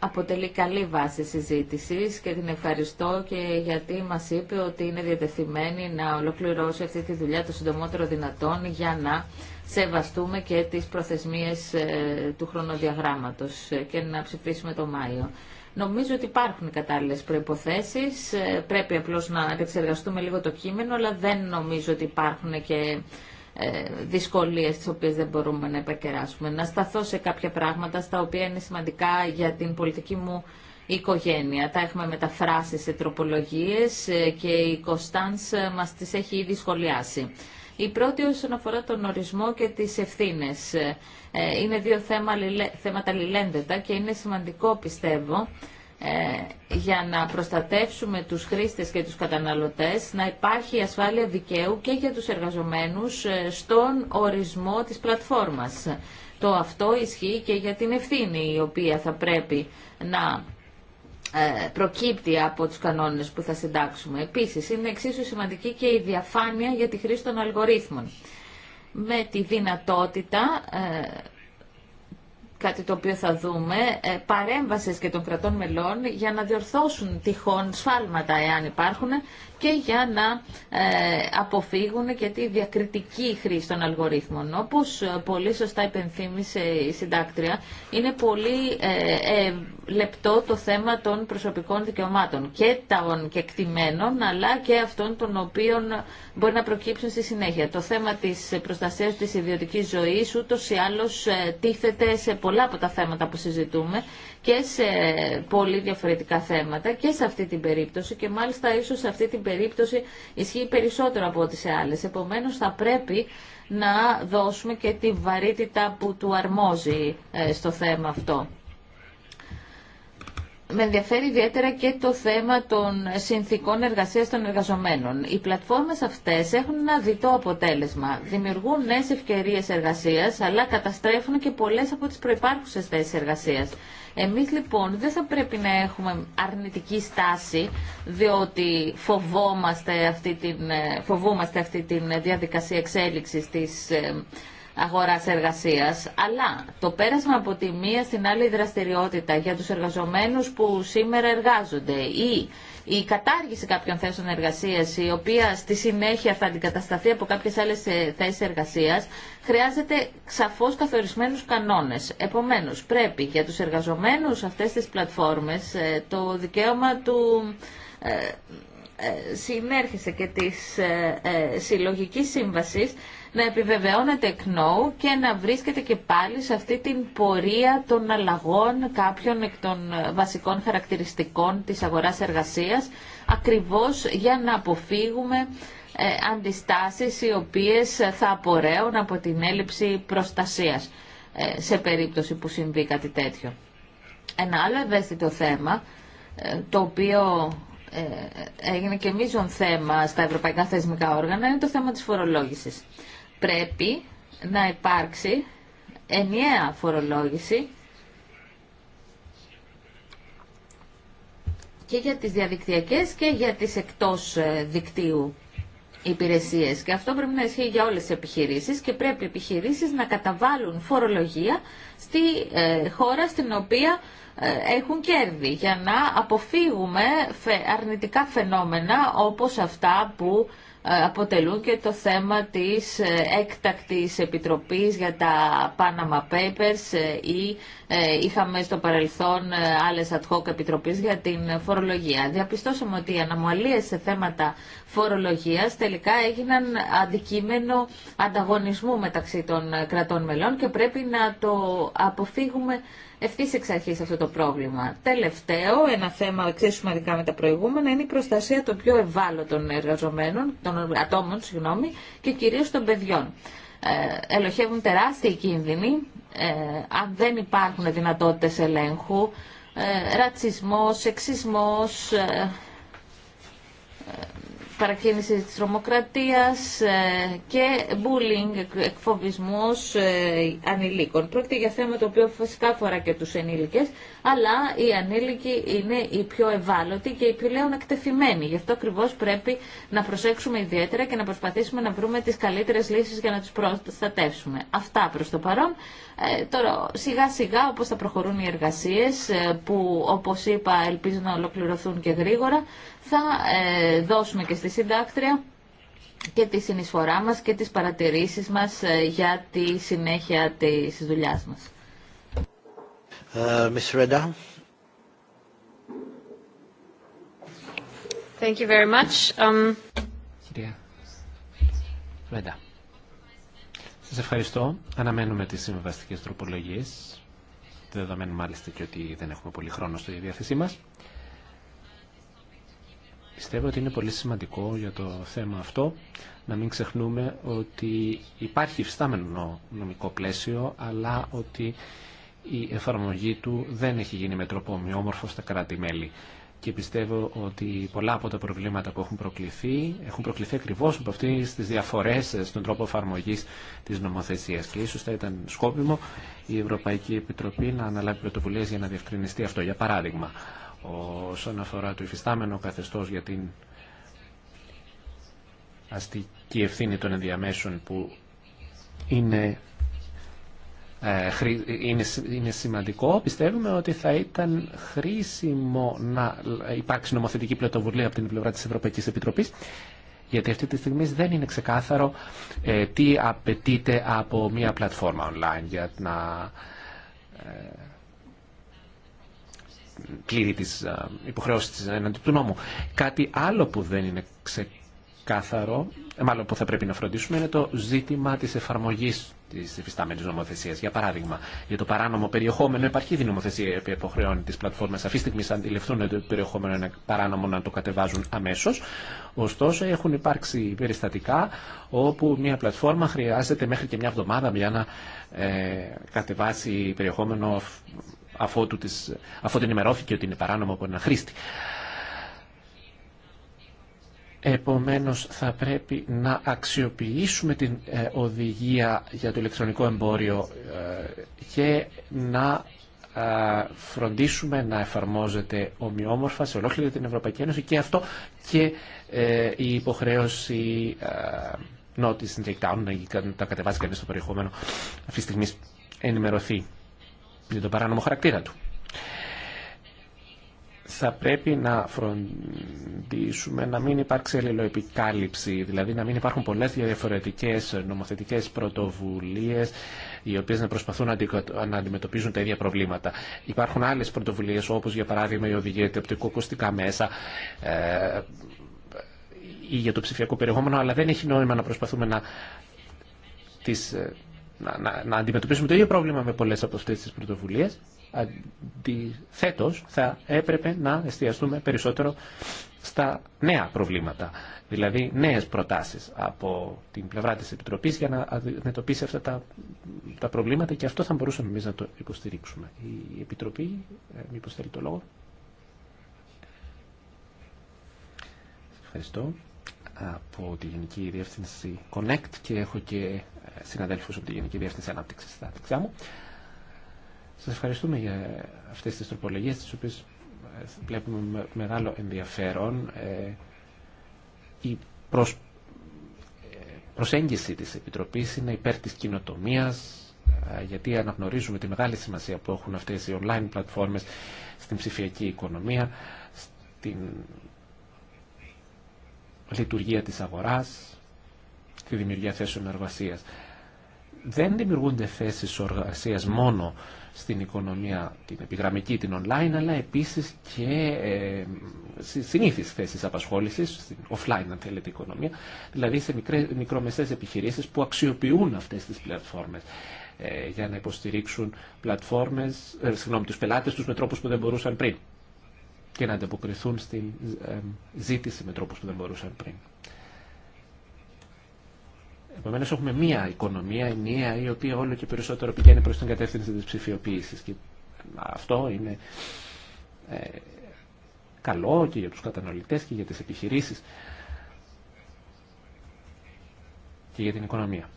Αποτελεί καλή βάση συζήτησης και την ευχαριστώ και γιατί μας είπε ότι είναι διατεθειμένη να ολοκληρώσει αυτή τη δουλειά το συντομότερο δυνατόν για να σεβαστούμε και τις προθεσμίες ε, του χρονοδιαγράμματος ε, και να ψηφίσουμε το Μάιο. Νομίζω ότι υπάρχουν κατάλληλε προποθέσει. Ε, πρέπει απλώς να επεξεργαστούμε λίγο το κείμενο, αλλά δεν νομίζω ότι υπάρχουν και δυσκολίες τις οποίες δεν μπορούμε να επακεράσουμε. Να σταθώ σε κάποια πράγματα στα οποία είναι σημαντικά για την πολιτική μου οικογένεια. Τα έχουμε μεταφράσει σε τροπολογίες και η Κωνσταντς μας τις έχει ήδη σχολιάσει. Η πρώτη όσον αφορά τον ορισμό και τις ευθύνες. Ε, είναι δύο θέματα λιλένδετα και είναι σημαντικό πιστεύω ε, για να προστατεύσουμε τους χρήστες και τους καταναλωτές, να υπάρχει ασφάλεια δικαίου και για τους εργαζομένους ε, στον ορισμό της πλατφόρμας. Το αυτό ισχύει και για την ευθύνη η οποία θα πρέπει να ε, προκύπτει από τους κανόνες που θα συντάξουμε. Επίσης, είναι εξίσου σημαντική και η διαφάνεια για τη χρήση των αλγορίθμων. Με τη δυνατότητα, ε, κάτι το οποίο θα δούμε, ε, παρέμβασης και των κρατών μελών για να διορθώσουν τυχόν σφάλματα, εάν υπάρχουν, και για να ε, αποφύγουν και τη διακριτική χρήση των αλγορίθμων. Όπως ε, πολύ σωστά υπενθύμησε η συντάκτρια, είναι πολύ ε, λεπτό το θέμα των προσωπικών δικαιωμάτων και των κεκτημένων αλλά και αυτών των οποίων μπορεί να προκύψουν στη συνέχεια. Το θέμα της προστασίας της ιδιωτικής ζωής ούτως ή άλλως τίθεται σε πολλά από τα θέματα που συζητούμε και σε πολύ διαφορετικά θέματα και σε αυτή την περίπτωση και μάλιστα ίσως σε αυτή την περίπτωση ισχύει περισσότερο από ό,τι σε άλλες. Επομένως θα πρέπει να δώσουμε και τη βαρύτητα που του αρμόζει ε, στο θέμα αυτό με ενδιαφέρει ιδιαίτερα και το θέμα των συνθήκων εργασίας των εργαζομένων. Οι πλατφόρμες αυτές έχουν ένα διτό αποτέλεσμα. Δημιουργούν νέες ευκαιρίες εργασίας, αλλά καταστρέφουν και πολλές από τις προϋπάρχουσες θέσεις εργασίας. Εμείς λοιπόν δεν θα πρέπει να έχουμε αρνητική στάση, διότι φοβόμαστε αυτή την, ε, φοβούμαστε αυτή τη διαδικασία εξέλιξης της ε, αγοράς-εργασίας, αλλά το πέρασμα από τη μία στην άλλη δραστηριότητα για τους εργαζομένους που σήμερα εργάζονται ή η κατάργηση κάποιων θέσεων εργασίας, η οποία στη συνέχεια θα αντικατασταθεί από κάποιες άλλες ε, θέσεις εργασίας, χρειάζεται σαφώς καθορισμένους κανόνες. Επομένως, πρέπει για τους εργαζομένους αυτές τις πλατφόρμες ε, το δικαίωμα του ε, συνέρχεσαι και της συλλογικής σύμβασης να επιβεβαιώνεται εκ νόου και να βρίσκεται και πάλι σε αυτή την πορεία των αλλαγών κάποιων εκ των ε, βασικών χαρακτηριστικών της αγοράς εργασίας, ακριβώς για να αποφύγουμε ε, αντιστάσεις οι οποίες θα απορρέουν από την έλλειψη προστασίας ε, σε περίπτωση που συμβεί κάτι τέτοιο. Ένα άλλο ευαίσθητο θέμα, το οποίο έγινε και μείζον θέμα στα ευρωπαϊκά θεσμικά όργανα, είναι το θέμα της φορολόγησης πρέπει να υπάρξει ενιαία φορολόγηση και για τις διαδικτυακές και για τις εκτός ε, δικτύου υπηρεσίες. Και αυτό πρέπει να ισχύει για όλες τις επιχειρήσεις και πρέπει οι επιχειρήσεις να καταβάλουν φορολογία στη ε, χώρα στην οποία ε, έχουν κέρδη για να αποφύγουμε αρνητικά φαινόμενα όπως αυτά που ε, αποτελούν και το θέμα της ε, έκτακτης επιτροπής για τα Panama Papers ε, ή είχαμε στο παρελθόν άλλες ad hoc επιτροπής για την φορολογία. Διαπιστώσαμε ότι οι αναμαλίες σε θέματα φορολογίας τελικά έγιναν αντικείμενο ανταγωνισμού μεταξύ των κρατών μελών και πρέπει να το αποφύγουμε ευθύ εξ αρχή αυτό το πρόβλημα. Τελευταίο, ένα θέμα εξίσου σημαντικά με τα προηγούμενα, είναι η προστασία των πιο ευάλωτων εργαζομένων, των ατόμων, συγγνώμη, και κυρίω των παιδιών. Ε, ελοχεύουν τεράστιοι κίνδυνοι ε, αν δεν υπάρχουν δυνατότητες ελέγχου, ε, ρατσισμός, σεξισμός, ε, ε, παρακίνηση της τρομοκρατίας ε, και bullying, εκφοβισμός ε, ανηλίκων. Πρόκειται για θέμα το οποίο φυσικά αφορά και τους ενήλικες, αλλά οι ανήλικοι είναι οι πιο ευάλωτοι και οι πλέον εκτεθειμένοι. Γι' αυτό ακριβώς πρέπει να προσέξουμε ιδιαίτερα και να προσπαθήσουμε να βρούμε τις καλύτερες λύσεις για να τους προστατεύσουμε. Αυτά προς το παρόν. Ε, τώρα, σιγά σιγά όπως θα προχωρούν οι εργασίες ε, που όπω είπα ελπίζω να ολοκληρωθούν και γρήγορα θα ε, δώσουμε και στη συντάκτρια και τη συνεισφορά μας και τις παρατηρήσεις μας για τη συνέχεια τη δουλειά μας. Uh, Thank you very much. Um, σας ευχαριστώ. Αναμένουμε τις συμβαστικές τροπολογίες, δεδομένου μάλιστα και ότι δεν έχουμε πολύ χρόνο στη διάθεσή μας. Πιστεύω ότι είναι πολύ σημαντικό για το θέμα αυτό να μην ξεχνούμε ότι υπάρχει φυστάμενο νομικό πλαίσιο, αλλά ότι η εφαρμογή του δεν έχει γίνει με τρόπο ομοιόμορφο στα κράτη-μέλη και πιστεύω ότι πολλά από τα προβλήματα που έχουν προκληθεί έχουν προκληθεί ακριβώ από αυτέ τι διαφορέ στον τρόπο εφαρμογή τη νομοθεσία. Και ίσω θα ήταν σκόπιμο η Ευρωπαϊκή Επιτροπή να αναλάβει πρωτοβουλίε για να διευκρινιστεί αυτό. Για παράδειγμα, όσον αφορά το υφιστάμενο καθεστώς για την αστική ευθύνη των ενδιαμέσων που είναι ε, είναι σημαντικό. Πιστεύουμε ότι θα ήταν χρήσιμο να υπάρξει νομοθετική πρωτοβουλία από την πλευρά της Ευρωπαϊκής Επιτροπής γιατί αυτή τη στιγμή δεν είναι ξεκάθαρο ε, τι απαιτείται από μια πλατφόρμα online για να ε, κλείδει τις υποχρεώσεις της εναντί του νόμου. Κάτι άλλο που δεν είναι ξεκάθαρο, μάλλον που θα πρέπει να φροντίσουμε, είναι το ζήτημα της εφαρμογής τη υφιστάμενη νομοθεσία. Για παράδειγμα, για το παράνομο περιεχόμενο υπάρχει ήδη νομοθεσία που υποχρεώνει τι πλατφόρμε αυτή τη στιγμή να αντιληφθούν το περιεχόμενο είναι παράνομο να το κατεβάζουν αμέσω. Ωστόσο, έχουν υπάρξει περιστατικά όπου μια πλατφόρμα χρειάζεται μέχρι και μια εβδομάδα για να ε, κατεβάσει περιεχόμενο αφότου, της, αφότου ενημερώθηκε ότι είναι παράνομο από ένα χρήστη. Επομένως θα πρέπει να αξιοποιήσουμε την ε, οδηγία για το ηλεκτρονικό εμπόριο ε, και να ε, φροντίσουμε να εφαρμόζεται ομοιόμορφα σε ολόκληρη την Ευρωπαϊκή Ένωση και αυτό και η υποχρέωση notice and take να τα κατεβάζει κανείς στο περιεχόμενο αυτή τη στιγμή ενημερωθεί για τον παράνομο χαρακτήρα του θα πρέπει να φροντίσουμε να μην υπάρξει αλληλοεπικάλυψη, δηλαδή να μην υπάρχουν πολλές διαφορετικές νομοθετικές πρωτοβουλίες οι οποίες να προσπαθούν να αντιμετωπίζουν τα ίδια προβλήματα. Υπάρχουν άλλες πρωτοβουλίες όπως για παράδειγμα η οδηγία οπτικοκοστικά μέσα ε, ή για το ψηφιακό περιεχόμενο, αλλά δεν έχει νόημα να προσπαθούμε να τις ε, να, να, να αντιμετωπίσουμε το ίδιο πρόβλημα με πολλές από αυτές τις πρωτοβουλίες. Αντιθέτω, θα έπρεπε να εστιαστούμε περισσότερο στα νέα προβλήματα, δηλαδή νέες προτάσεις από την πλευρά της Επιτροπής για να αντιμετωπίσει αυτά τα, τα προβλήματα και αυτό θα μπορούσαμε εμείς να το υποστηρίξουμε. Η Επιτροπή, ε, μήπως θέλει το λόγο. Ευχαριστώ από τη Γενική Διεύθυνση Connect και έχω και ε, συναδέλφους από τη Γενική Διεύθυνση Ανάπτυξης στα δεξιά μου. Σας ευχαριστούμε για αυτές τις τροπολογίες, τις οποίες ε, βλέπουμε με μεγάλο ενδιαφέρον. Ε, η προσ... Ε, προσέγγιση της Επιτροπής είναι υπέρ της κοινοτομίας, γιατί αναγνωρίζουμε τη μεγάλη σημασία που έχουν αυτές οι online πλατφόρμες στην ψηφιακή οικονομία, στην λειτουργία της αγοράς, στη δημιουργία θέσεων εργασίας. Δεν δημιουργούνται θέσεις εργασίας μόνο στην οικονομία την επιγραμμική, την online, αλλά επίσης και ε, συνήθεις θέσεις απασχόλησης, στην offline αν θέλετε οικονομία, δηλαδή σε μικρές, μικρομεσαίες επιχειρήσεις που αξιοποιούν αυτές τις πλατφόρμες ε, για να υποστηρίξουν πλατφόρμες, ε, συγγνώμη, τους πελάτες τους με τρόπους που δεν μπορούσαν πριν και να ανταποκριθούν στην ε, ζήτηση με τρόπους που δεν μπορούσαν πριν. Επομένω, έχουμε μία οικονομία μία η οποία όλο και περισσότερο πηγαίνει προ την κατεύθυνση τη ψηφιοποίηση. Και αυτό είναι ε, καλό και για του καταναλωτέ και για τι επιχειρήσει και για την οικονομία.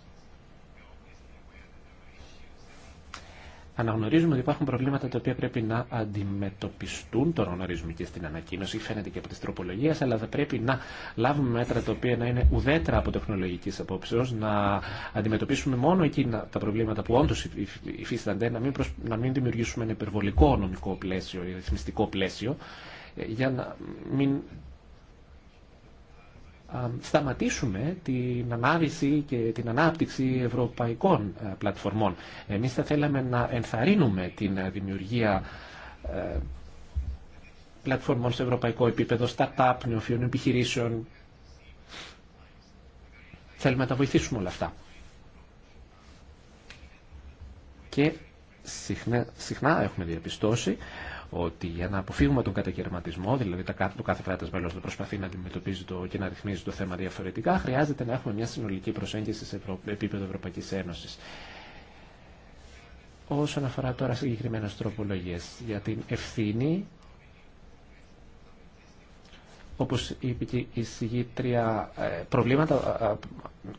Αναγνωρίζουμε ότι υπάρχουν προβλήματα τα οποία πρέπει να αντιμετωπιστούν, το αναγνωρίζουμε και στην ανακοίνωση, φαίνεται και από τι τροπολογίε, αλλά θα πρέπει να λάβουμε μέτρα τα οποία να είναι ουδέτερα από τεχνολογική απόψεω, να αντιμετωπίσουμε μόνο εκείνα τα προβλήματα που όντω υφίστανται, να μην, να μην δημιουργήσουμε ένα υπερβολικό νομικό πλαίσιο ή ρυθμιστικό πλαίσιο, ε, για να μην σταματήσουμε την ανάλυση και την ανάπτυξη ευρωπαϊκών ε, πλατφορμών. Εμείς θα θέλαμε να ενθαρρύνουμε την ε, δημιουργία ε, πλατφόρμων σε ευρωπαϊκό επίπεδο, startup, νεοφιών επιχειρήσεων. Θέλουμε να τα βοηθήσουμε όλα αυτά. Και συχνά έχουμε διαπιστώσει ότι για να αποφύγουμε τον κατακαιρματισμό, δηλαδή το κάθε κράτο μέλο να προσπαθεί να αντιμετωπίζει το και να ρυθμίζει το θέμα διαφορετικά, χρειάζεται να έχουμε μια συνολική προσέγγιση σε επίπεδο Ευρωπαϊκή Ένωση. Όσον αφορά τώρα συγκεκριμένε τροπολογίε για την ευθύνη, Όπω είπε και η συγγήτρια, ε, προβλήματα, ε,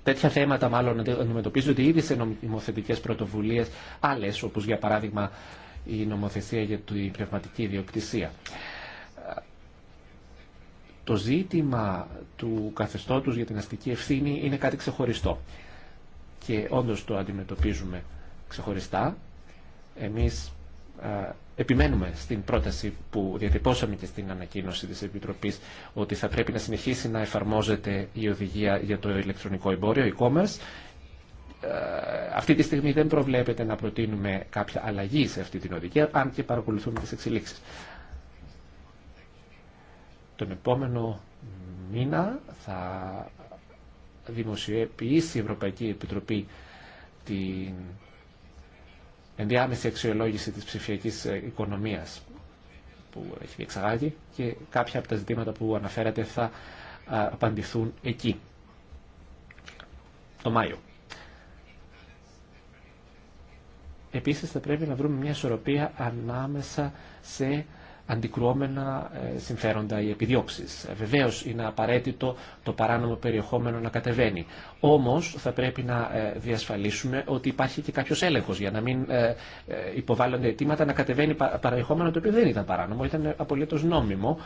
τέτοια θέματα μάλλον αντιμετωπίζονται ήδη σε νομοθετικέ πρωτοβουλίες, άλλε όπως για παράδειγμα η νομοθεσία για την πνευματική ιδιοκτησία. Το ζήτημα του καθεστώτους για την αστική ευθύνη είναι κάτι ξεχωριστό και όντως το αντιμετωπίζουμε ξεχωριστά. Εμείς επιμένουμε στην πρόταση που διατυπώσαμε και στην ανακοίνωση της Επιτροπής ότι θα πρέπει να συνεχίσει να εφαρμόζεται η οδηγία για το ηλεκτρονικό εμπόριο, e-commerce, ε, αυτή τη στιγμή δεν προβλέπεται να προτείνουμε κάποια αλλαγή σε αυτή την οδηγία, αν και παρακολουθούμε τις εξελίξεις. Τον επόμενο μήνα θα δημοσιοποιήσει η Ευρωπαϊκή Επιτροπή την ενδιάμεση αξιολόγηση της ψηφιακής ε, οικονομίας που έχει διεξαγάγει και κάποια από τα ζητήματα που αναφέρατε θα απαντηθούν εκεί, το Μάιο. Επίσης θα πρέπει να βρούμε μια ισορροπία ανάμεσα σε αντικρουόμενα ε, συμφέροντα ή επιδιώξει. Ε, Βεβαίω είναι απαραίτητο το παράνομο περιεχόμενο να κατεβαίνει. Όμω θα πρέπει να ε, διασφαλίσουμε ότι υπάρχει και κάποιο έλεγχο για να μην υποβάλλονται αιτήματα να κατεβαίνει περιεχόμενο το οποίο δεν ήταν παράνομο, ήταν απολύτω νόμιμο.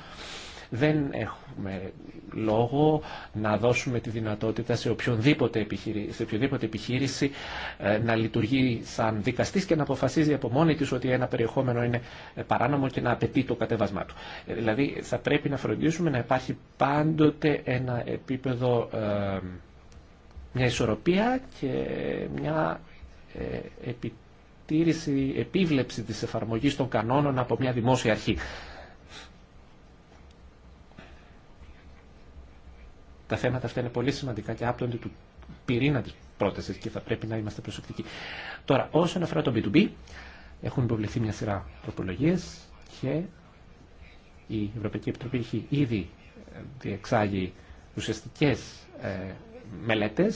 Δεν έχουμε λόγο να δώσουμε τη δυνατότητα σε οποιοδήποτε επιχείρηση, σε οποιοδήποτε επιχείρηση ε, να λειτουργεί σαν δικαστής και να αποφασίζει από μόνη της ότι ένα περιεχόμενο είναι ε, παράνομο και να απαιτεί το κατέβασμά του. Ε, δηλαδή θα πρέπει να φροντίσουμε να υπάρχει πάντοτε ένα επίπεδο, μια ισορροπία και μια επιτήρηση, επίβλεψη της εφαρμογής των κανόνων από μια δημόσια αρχή. Τα θέματα αυτά είναι πολύ σημαντικά και άπτονται του πυρήνα τη πρόταση και θα πρέπει να είμαστε προσεκτικοί. Τώρα, όσον αφορά το B2B, έχουν υποβληθεί μια σειρά τροπολογίε και η Ευρωπαϊκή Επιτροπή έχει ήδη ε, διεξάγει ουσιαστικέ ε, μελέτε.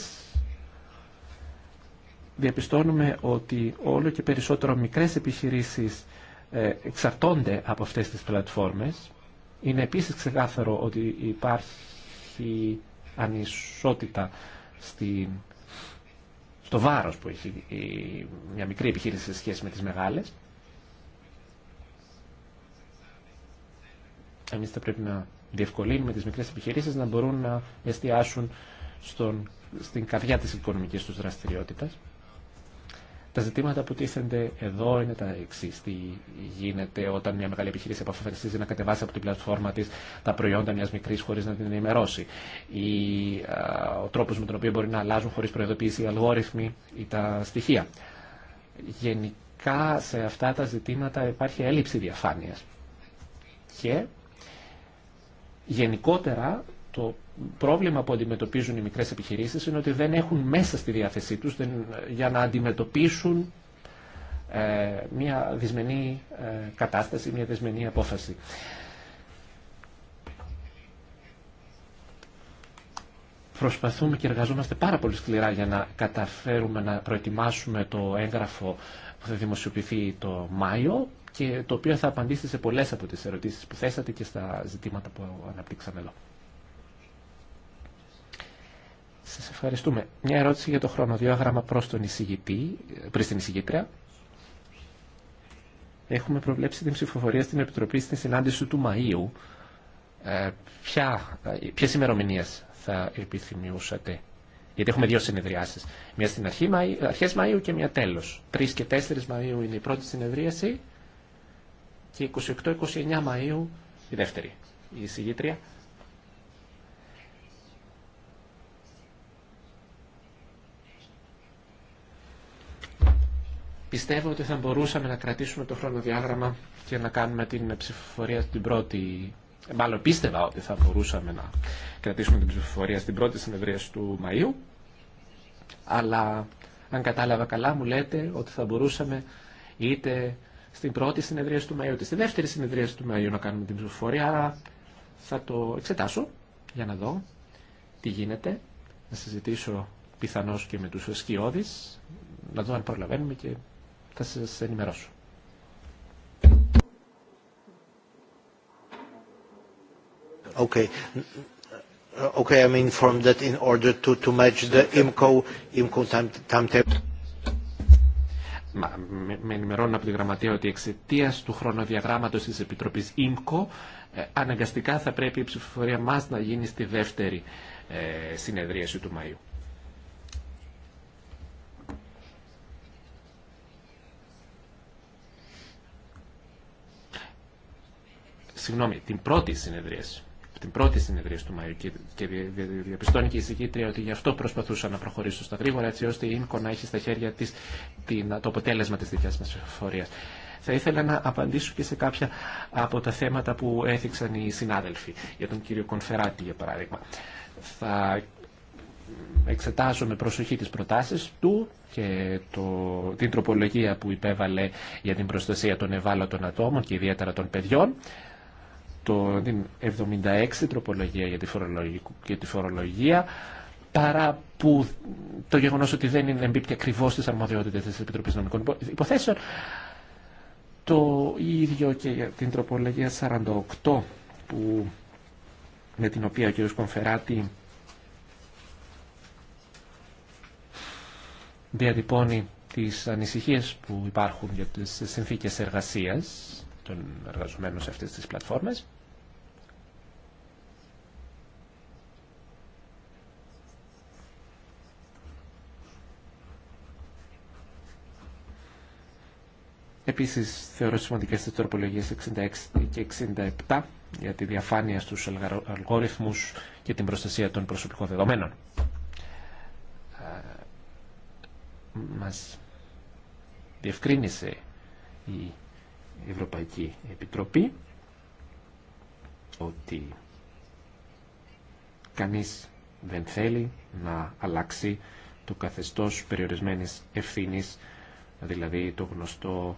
Διαπιστώνουμε ότι όλο και περισσότερο μικρές επιχειρήσεις ε, εξαρτώνται από αυτές τις πλατφόρμες. Είναι επίσης ξεκάθαρο ότι υπάρχει έχει ανισότητα στο βάρος που έχει μια μικρή επιχείρηση σε σχέση με τις μεγάλες. Εμείς θα πρέπει να διευκολύνουμε τις μικρές επιχειρήσεις να μπορούν να εστιάσουν στην καρδιά της οικονομικής τους δραστηριότητας. Τα ζητήματα που τίθενται εδώ είναι τα εξή. Τι γίνεται όταν μια μεγάλη επιχείρηση αποφασίζει να κατεβάσει από την πλατφόρμα τη τα προϊόντα μια μικρή χωρί να την ενημερώσει. Ή ο τρόπο με τον οποίο μπορεί να αλλάζουν χωρί προειδοποίηση οι αλγόριθμοι ή τα στοιχεία. Γενικά σε αυτά τα ζητήματα υπάρχει έλλειψη διαφάνεια. Και γενικότερα το πρόβλημα που αντιμετωπίζουν οι μικρές επιχειρήσεις είναι ότι δεν έχουν μέσα στη διάθεσή τους δεν, για να αντιμετωπίσουν ε, μια δυσμενή ε, κατάσταση, μια δυσμενή απόφαση. Προσπαθούμε και εργαζόμαστε πάρα πολύ σκληρά για να καταφέρουμε να προετοιμάσουμε το έγγραφο που θα δημοσιοποιηθεί το Μάιο και το οποίο θα απαντήσει σε πολλές από τις ερωτήσεις που θέσατε και στα ζητήματα που αναπτύξαμε εδώ. Σας ευχαριστούμε. Μια ερώτηση για το χρονοδιάγραμμα προς τον εισηγητή, πριν την εισηγήτρια. Έχουμε προβλέψει την ψηφοφορία στην Επιτροπή στην συνάντηση του Μαΐου. Ε, ποια, ποιες ημερομηνίες θα επιθυμιούσατε. Γιατί έχουμε δύο συνεδριάσεις. Μια στην αρχή, αρχές Μαΐου και μια τέλος. 3 και 4 Μαΐου είναι η πρώτη συνεδρίαση και 28-29 Μαΐου η δεύτερη. Η εισηγήτρια Πιστεύω ότι θα μπορούσαμε να κρατήσουμε το χρονοδιάγραμμα και να κάνουμε την ψηφοφορία στην πρώτη. Μάλλον πίστευα ότι θα μπορούσαμε να κρατήσουμε την ψηφοφορία στην πρώτη συνεδρία του Μαΐου. Αλλά αν κατάλαβα καλά μου λέτε ότι θα μπορούσαμε είτε στην πρώτη συνεδρία του Μαΐου είτε στη δεύτερη συνεδρία του Μαΐου να κάνουμε την ψηφοφορία. Θα το εξετάσω για να δω τι γίνεται. Να συζητήσω πιθανώς και με τους σκιώδεις, να δω αν προλαβαίνουμε και θα σα ενημερώσω. Okay. Okay, I'm that in order to, to match the IMCO, IMCO timetable. Μα, με, ενημερώνουν από τη γραμματεία ότι εξαιτία του χρονοδιαγράμματο τη Επιτροπή ΙΜΚΟ ε, αναγκαστικά θα πρέπει η ψηφοφορία μα να γίνει στη δεύτερη ε, συνεδρίαση του Μαΐου. συγγνώμη, την πρώτη συνεδρίαση την πρώτη συνεδρία του Μαΐου και διαπιστώνει και η συγκήτρια ότι γι' αυτό προσπαθούσα να προχωρήσω στα γρήγορα έτσι ώστε η ΙΝΚΟ να έχει στα χέρια της το αποτέλεσμα της δικιάς μας εφορίας. Θα ήθελα να απαντήσω και σε κάποια από τα θέματα που έθιξαν οι συνάδελφοι, για τον κύριο Κονφεράτη για παράδειγμα. Θα εξετάσω με προσοχή τις προτάσεις του και το, την τροπολογία που υπέβαλε για την προστασία των ευάλωτων ατόμων και ιδιαίτερα των παιδιών το 76 τροπολογία για τη, τη φορολογία παρά που το γεγονός ότι δεν είναι εμπίπτει ακριβώς στις αρμοδιότητες της Επιτροπής Νομικών Υποθέσεων το ίδιο και για την τροπολογία 48 που, με την οποία ο κ. Κομφεράτη διατυπώνει τις ανησυχίες που υπάρχουν για τις συνθήκες εργασίας των εργαζομένων σε αυτές τις πλατφόρμες. Επίσης θεωρώ σημαντικές τις τροπολογίες 66 και 67 για τη διαφάνεια στους αλγόριθμους και την προστασία των προσωπικών δεδομένων. Ε, μας διευκρίνησε η Ευρωπαϊκή Επιτροπή ότι κανείς δεν θέλει να αλλάξει το καθεστώς περιορισμένης ευθύνης, δηλαδή το γνωστό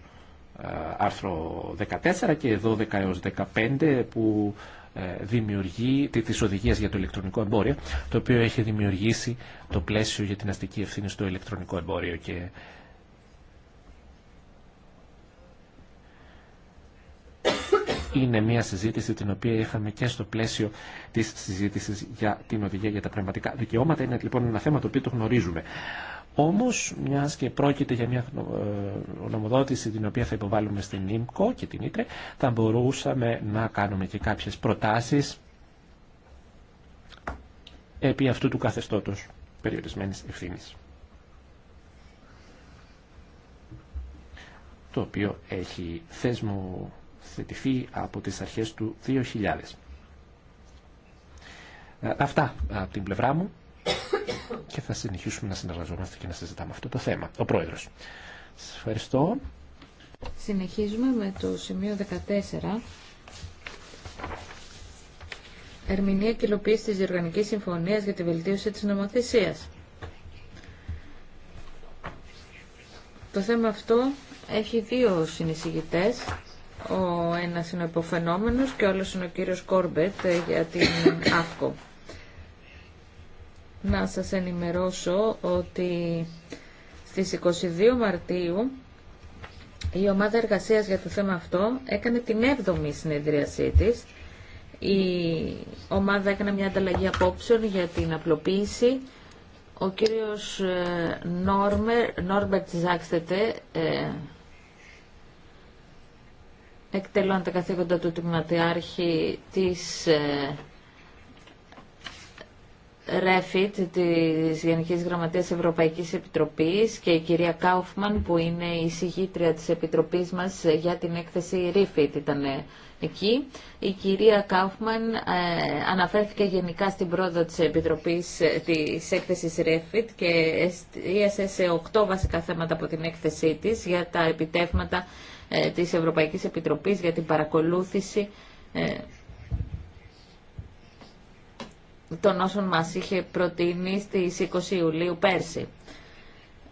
ε, άρθρο 14 και 12 έως 15 που ε, δημιουργεί τις οδηγίες για το ηλεκτρονικό εμπόριο, το οποίο έχει δημιουργήσει το πλαίσιο για την αστική ευθύνη στο ηλεκτρονικό εμπόριο και είναι μια συζήτηση την οποία είχαμε και στο πλαίσιο της συζήτησης για την οδηγία για τα πραγματικά δικαιώματα. Είναι λοιπόν ένα θέμα το οποίο το γνωρίζουμε. Όμως, μιας και πρόκειται για μια ονομοδότηση ε, την οποία θα υποβάλουμε στην ΙΜΚΟ και την ΙΤΡΕ, θα μπορούσαμε να κάνουμε και κάποιες προτάσεις επί αυτού του καθεστώτος περιορισμένης ευθύνης. Το οποίο έχει θέσμο θετηθεί από τις αρχές του 2000. Ε, αυτά από την πλευρά μου και θα συνεχίσουμε να συνεργαζόμαστε και να συζητάμε αυτό το θέμα. Ο Πρόεδρος. Σας ευχαριστώ. Συνεχίζουμε με το σημείο 14. Ερμηνεία και υλοποίηση της Διοργανικής Συμφωνίας για τη βελτίωση της νομοθεσίας. Το θέμα αυτό έχει δύο συνεισηγητές. Ο ένας είναι ο υποφαινόμενος και ο είναι ο κύριος Κόρμπετ ε, για την ΑΦΚΟ. Να σας ενημερώσω ότι στις 22 Μαρτίου η ομάδα εργασίας για το θέμα αυτό έκανε την 7η συνεδρίασή της. Η ομάδα έκανε μια ανταλλαγή απόψεων για την απλοποίηση. Ο κύριος ε, Νόρμπερτ Ζάξτετε, εκτελώντα τα καθήκοντα του τμήματιάρχη της ε, Ρέφιτ της Γενικής Γραμματείας Ευρωπαϊκής Επιτροπής και η κυρία Κάουφμαν που είναι η συγγήτρια της Επιτροπής μας για την έκθεση ΡΕΦΙΤ ήταν εκεί. Η κυρία Κάουφμαν ε, αναφέρθηκε γενικά στην πρόοδο της Επιτροπής ε, της έκθεσης Ρέφιτ και εστίασε σε οκτώ βασικά θέματα από την έκθεσή της για τα επιτεύγματα ε, της Ευρωπαϊκής Επιτροπής για την παρακολούθηση ε, των όσων μας είχε προτείνει στις 20 Ιουλίου πέρσι.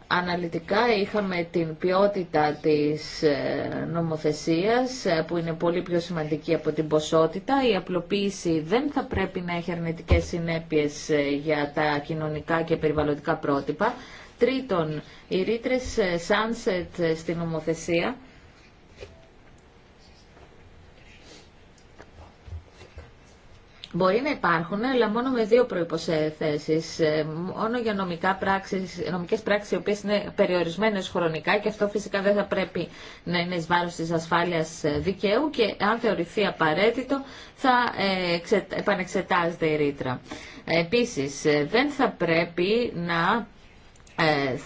Αναλυτικά είχαμε την ποιότητα της ε, νομοθεσίας που είναι πολύ πιο σημαντική από την ποσότητα. Η απλοποίηση δεν θα πρέπει να έχει αρνητικές συνέπειες για τα κοινωνικά και περιβαλλοντικά πρότυπα. Τρίτον, οι ρήτρες sunset στην νομοθεσία Μπορεί να υπάρχουν, αλλά μόνο με δύο προποθέσει. Ε, μόνο για νομικά πράξεις, νομικές πράξεις οι οποίες είναι περιορισμένες χρονικά και αυτό φυσικά δεν θα πρέπει να είναι εις βάρος της ασφάλειας ε, δικαίου και αν θεωρηθεί απαραίτητο θα ε, επανεξετάζεται η ρήτρα. Επίσης, δεν θα πρέπει να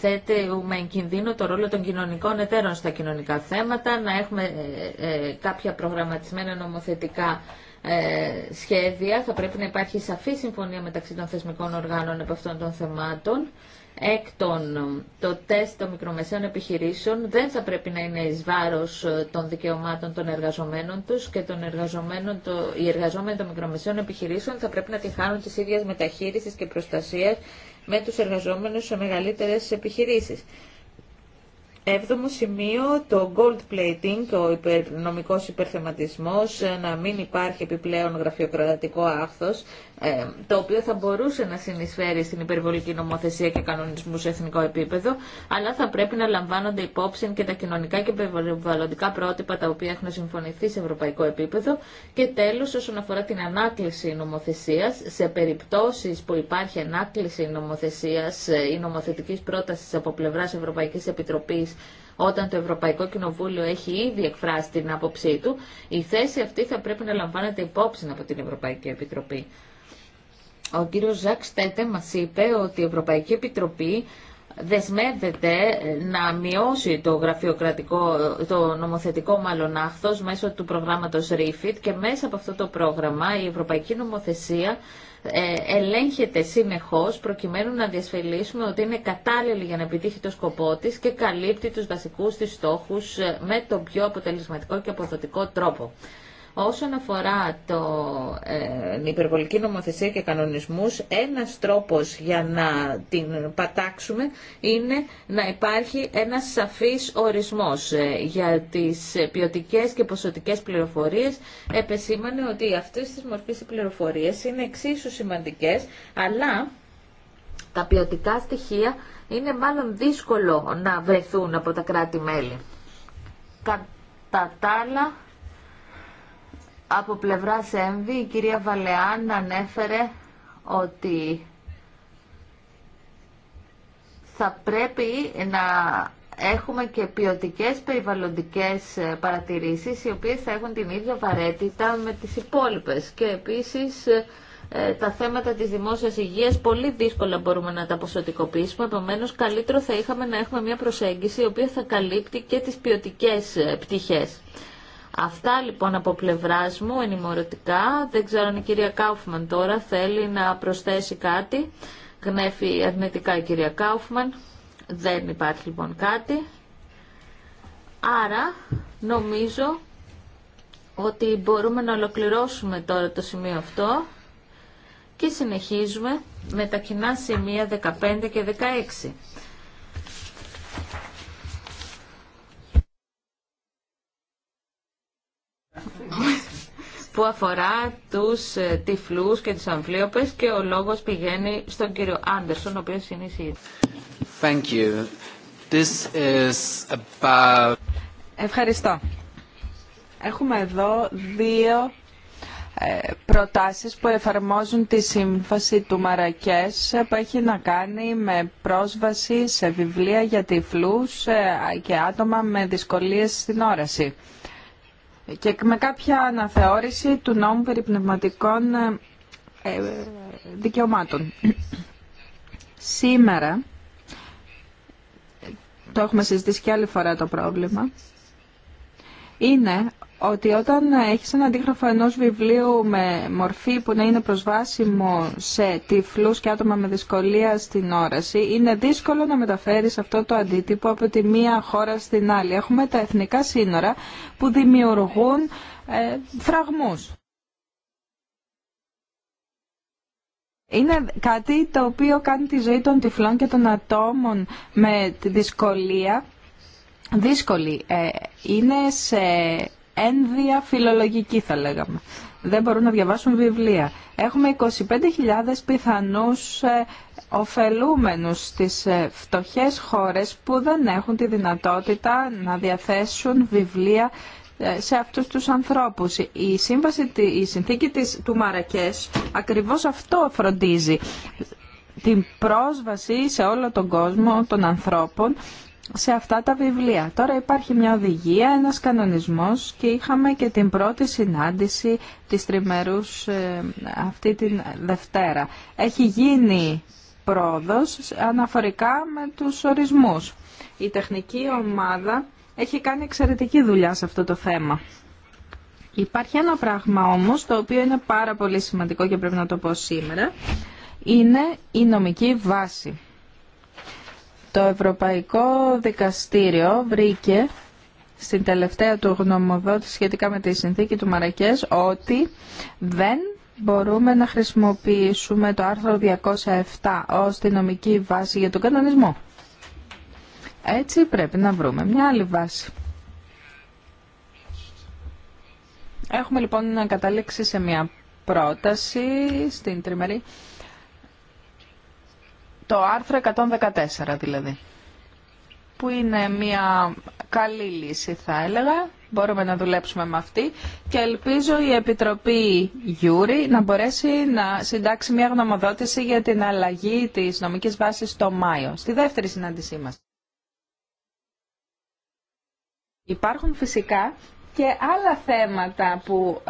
θέτουμε εν κινδύνο το ρόλο των κοινωνικών εταίρων στα κοινωνικά θέματα, να έχουμε κάποια προγραμματισμένα νομοθετικά ε, σχέδια. Θα πρέπει να υπάρχει σαφή συμφωνία μεταξύ των θεσμικών οργάνων από αυτών των θεμάτων. Έκτον, το τεστ των μικρομεσαίων επιχειρήσεων δεν θα πρέπει να είναι εις βάρος ε, των δικαιωμάτων των εργαζομένων τους και των εργαζομένων, το, οι εργαζόμενοι των μικρομεσαίων επιχειρήσεων θα πρέπει να τη χάνουν τις ίδιες μεταχείρισης και προστασίας με τους εργαζόμενους σε μεγαλύτερες επιχειρήσεις. Έβδομο σημείο, το gold plating, ο υπερ, νομικός υπερθεματισμός, να μην υπάρχει επιπλέον γραφειοκρατικό άχθος. Ε, το οποίο θα μπορούσε να συνεισφέρει στην υπερβολική νομοθεσία και κανονισμού σε εθνικό επίπεδο, αλλά θα πρέπει να λαμβάνονται υπόψη και τα κοινωνικά και περιβαλλοντικά πρότυπα τα οποία έχουν συμφωνηθεί σε ευρωπαϊκό επίπεδο και τέλο, όσον αφορά την ανάκληση νομοθεσία, σε περιπτώσει που υπάρχει ανάκληση νομοθεσία ε, ή νομοθετική πρόταση από πλευρά Ευρωπαϊκή Επιτροπής όταν το Ευρωπαϊκό Κοινοβούλιο έχει ήδη εκφράσει την άποψή του, η θέση αυτή θα πρέπει να λαμβάνεται υπόψη από την Ευρωπαϊκή Επιτροπή. Ο κύριος Ζακ Στέτε μας είπε ότι η Ευρωπαϊκή Επιτροπή δεσμεύεται να μειώσει το γραφειοκρατικό, το νομοθετικό μάλλον άχθος μέσω του προγράμματος REFIT και μέσα από αυτό το πρόγραμμα η Ευρωπαϊκή Νομοθεσία ε, ελέγχεται συνεχώς προκειμένου να διασφαλίσουμε ότι είναι κατάλληλη για να επιτύχει το σκοπό της και καλύπτει τους βασικούς της στόχους ε, με τον πιο αποτελεσματικό και αποδοτικό τρόπο. Όσον αφορά το, ε, την υπερβολική νομοθεσία και κανονισμούς, ένας τρόπος για να την πατάξουμε είναι να υπάρχει ένας σαφής ορισμός ε, για τις ποιοτικέ και ποσοτικές πληροφορίες. Επεσήμανε ότι αυτές τις μορφές πληροφορίες είναι εξίσου σημαντικές, αλλά τα ποιοτικά στοιχεία είναι μάλλον δύσκολο να βρεθούν από τα κράτη-μέλη. τα από πλευρά Σέμβη η κυρία Βαλεάν ανέφερε ότι θα πρέπει να έχουμε και ποιοτικέ περιβαλλοντικές ε, παρατηρήσεις οι οποίες θα έχουν την ίδια βαρέτητα με τις υπόλοιπες και επίσης ε, ε, τα θέματα της δημόσιας υγείας πολύ δύσκολα μπορούμε να τα ποσοτικοποιήσουμε επομένως καλύτερο θα είχαμε να έχουμε μια προσέγγιση η οποία θα καλύπτει και τις ποιοτικέ πτυχές. Αυτά λοιπόν από πλευρά μου ενημερωτικά. Δεν ξέρω αν η κυρία Κάουφμαν τώρα θέλει να προσθέσει κάτι. Γνέφει αρνητικά η κυρία Κάουφμαν. Δεν υπάρχει λοιπόν κάτι. Άρα νομίζω ότι μπορούμε να ολοκληρώσουμε τώρα το σημείο αυτό και συνεχίζουμε με τα κοινά σημεία 15 και 16. που αφορά τους ε, τυφλούς και τις αμφλίωπες και ο λόγος πηγαίνει στον κύριο Άντερσον, ο οποίος είναι η Thank you. This Ευχαριστώ. Έχουμε εδώ δύο ε, προτάσεις που εφαρμόζουν τη σύμφαση του Μαρακές ε, που έχει να κάνει με πρόσβαση σε βιβλία για τυφλούς και άτομα με δυσκολίες στην όραση και με κάποια αναθεώρηση του νόμου περί πνευματικών ε, ε, δικαιωμάτων. Σήμερα, το έχουμε συζητήσει και άλλη φορά το πρόβλημα, είναι ότι όταν έχεις ένα αντίγραφο ενός βιβλίου με μορφή που να είναι προσβάσιμο σε τυφλούς και άτομα με δυσκολία στην όραση, είναι δύσκολο να μεταφέρεις αυτό το αντίτυπο από τη μία χώρα στην άλλη. Έχουμε τα εθνικά σύνορα που δημιουργούν ε, φραγμούς. Είναι κάτι το οποίο κάνει τη ζωή των τυφλών και των ατόμων με τη δυσκολία δύσκολη. Ε, είναι σε ένδια φιλολογική θα λέγαμε. Δεν μπορούν να διαβάσουν βιβλία. Έχουμε 25.000 πιθανούς ε, ωφελούμενους στις ε, φτωχές χώρες που δεν έχουν τη δυνατότητα να διαθέσουν βιβλία ε, σε αυτούς τους ανθρώπους. Η, σύμβαση, η συνθήκη της, του Μαρακές ακριβώς αυτό φροντίζει την πρόσβαση σε όλο τον κόσμο των ανθρώπων σε αυτά τα βιβλία. Τώρα υπάρχει μια οδηγία, ένας κανονισμός και είχαμε και την πρώτη συνάντηση της τριμερούς ε, αυτή την Δευτέρα. Έχει γίνει πρόοδος αναφορικά με τους ορισμούς. Η τεχνική ομάδα έχει κάνει εξαιρετική δουλειά σε αυτό το θέμα. Υπάρχει ένα πράγμα όμως το οποίο είναι πάρα πολύ σημαντικό και πρέπει να το πω σήμερα. Είναι η νομική βάση. Το Ευρωπαϊκό Δικαστήριο βρήκε στην τελευταία του γνωμοδότηση σχετικά με τη συνθήκη του Μαρακές ότι δεν μπορούμε να χρησιμοποιήσουμε το άρθρο 207 ως τη νομική βάση για τον κανονισμό. Έτσι πρέπει να βρούμε μια άλλη βάση. Έχουμε λοιπόν να καταλήξει σε μια πρόταση στην τριμερή το άρθρο 114 δηλαδή, που είναι μια καλή λύση θα έλεγα, μπορούμε να δουλέψουμε με αυτή και ελπίζω η Επιτροπή Γιούρη να μπορέσει να συντάξει μια γνωμοδότηση για την αλλαγή της νομικής βάσης το Μάιο, στη δεύτερη συνάντησή μας. Υπάρχουν φυσικά και άλλα θέματα που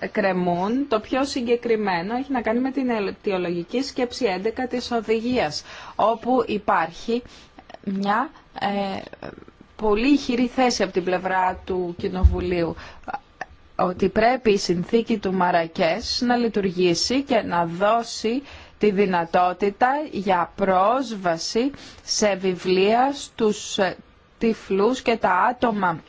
ε, κρεμούν. Το πιο συγκεκριμένο έχει να κάνει με την αιτιολογική σκέψη 11 της οδηγίας, όπου υπάρχει μια ε, πολύ ηχηρή θέση από την πλευρά του Κοινοβουλίου ότι πρέπει η συνθήκη του Μαρακές να λειτουργήσει και να δώσει τη δυνατότητα για πρόσβαση σε βιβλία στους ε, τυφλούς και τα άτομα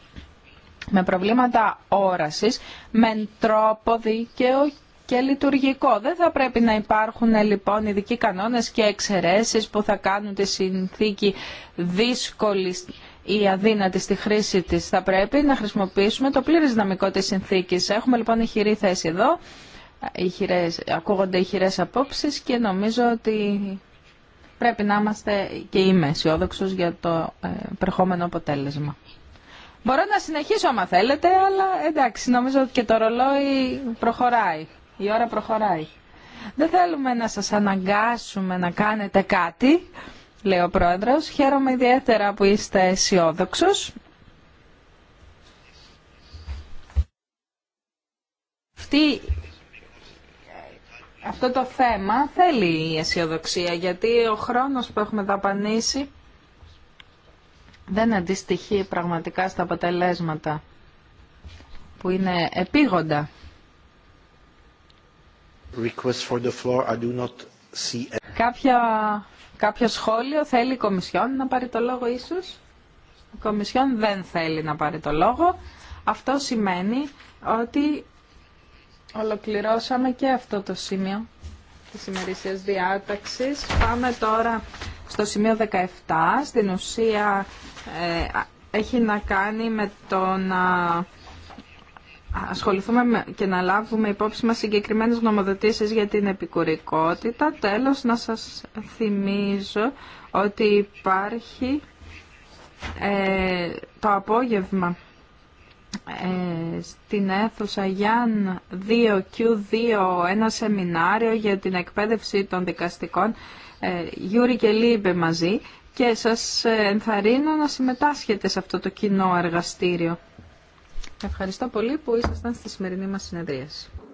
με προβλήματα όρασης με τρόπο δίκαιο και λειτουργικό. Δεν θα πρέπει να υπάρχουν λοιπόν ειδικοί κανόνες και εξαιρέσεις που θα κάνουν τη συνθήκη δύσκολη ή αδύνατη στη χρήση της. Θα πρέπει να χρησιμοποιήσουμε το πλήρες δυναμικό της συνθήκης. Έχουμε λοιπόν ηχηρή θέση εδώ, Ακούγονται ακούγονται ηχηρές απόψεις και νομίζω ότι πρέπει να είμαστε και είμαι αισιόδοξο για το ε, αποτέλεσμα. Μπορώ να συνεχίσω άμα θέλετε, αλλά εντάξει, νομίζω ότι και το ρολόι προχωράει. Η ώρα προχωράει. Δεν θέλουμε να σας αναγκάσουμε να κάνετε κάτι, λέει ο Πρόεδρος. Χαίρομαι ιδιαίτερα που είστε αισιόδοξο. Αυτή αυτό το θέμα θέλει η αισιοδοξία γιατί ο χρόνος που έχουμε δαπανίσει δεν αντιστοιχεί πραγματικά στα αποτελέσματα που είναι επίγοντα. For the Κάποια, κάποιο σχόλιο θέλει η Κομισιόν να πάρει το λόγο ίσως. Η Κομισιόν δεν θέλει να πάρει το λόγο. Αυτό σημαίνει ότι ολοκληρώσαμε και αυτό το σημείο της ημερησίας διάταξης. Πάμε τώρα στο σημείο 17, στην ουσία ε, έχει να κάνει με το να ασχοληθούμε και να λάβουμε υπόψη μας συγκεκριμένες γνωμοδοτήσεις για την επικουρικότητα. Τέλος, να σας θυμίζω ότι υπάρχει ε, το απόγευμα ε, στην αίθουσα Γιάν 2Q2 ένα σεμινάριο για την εκπαίδευση των δικαστικών ε, Γιούρι και Λίμπε μαζί και σας ενθαρρύνω να συμμετάσχετε σε αυτό το κοινό εργαστήριο. Ευχαριστώ πολύ που ήσασταν στη σημερινή μας συνεδρίαση.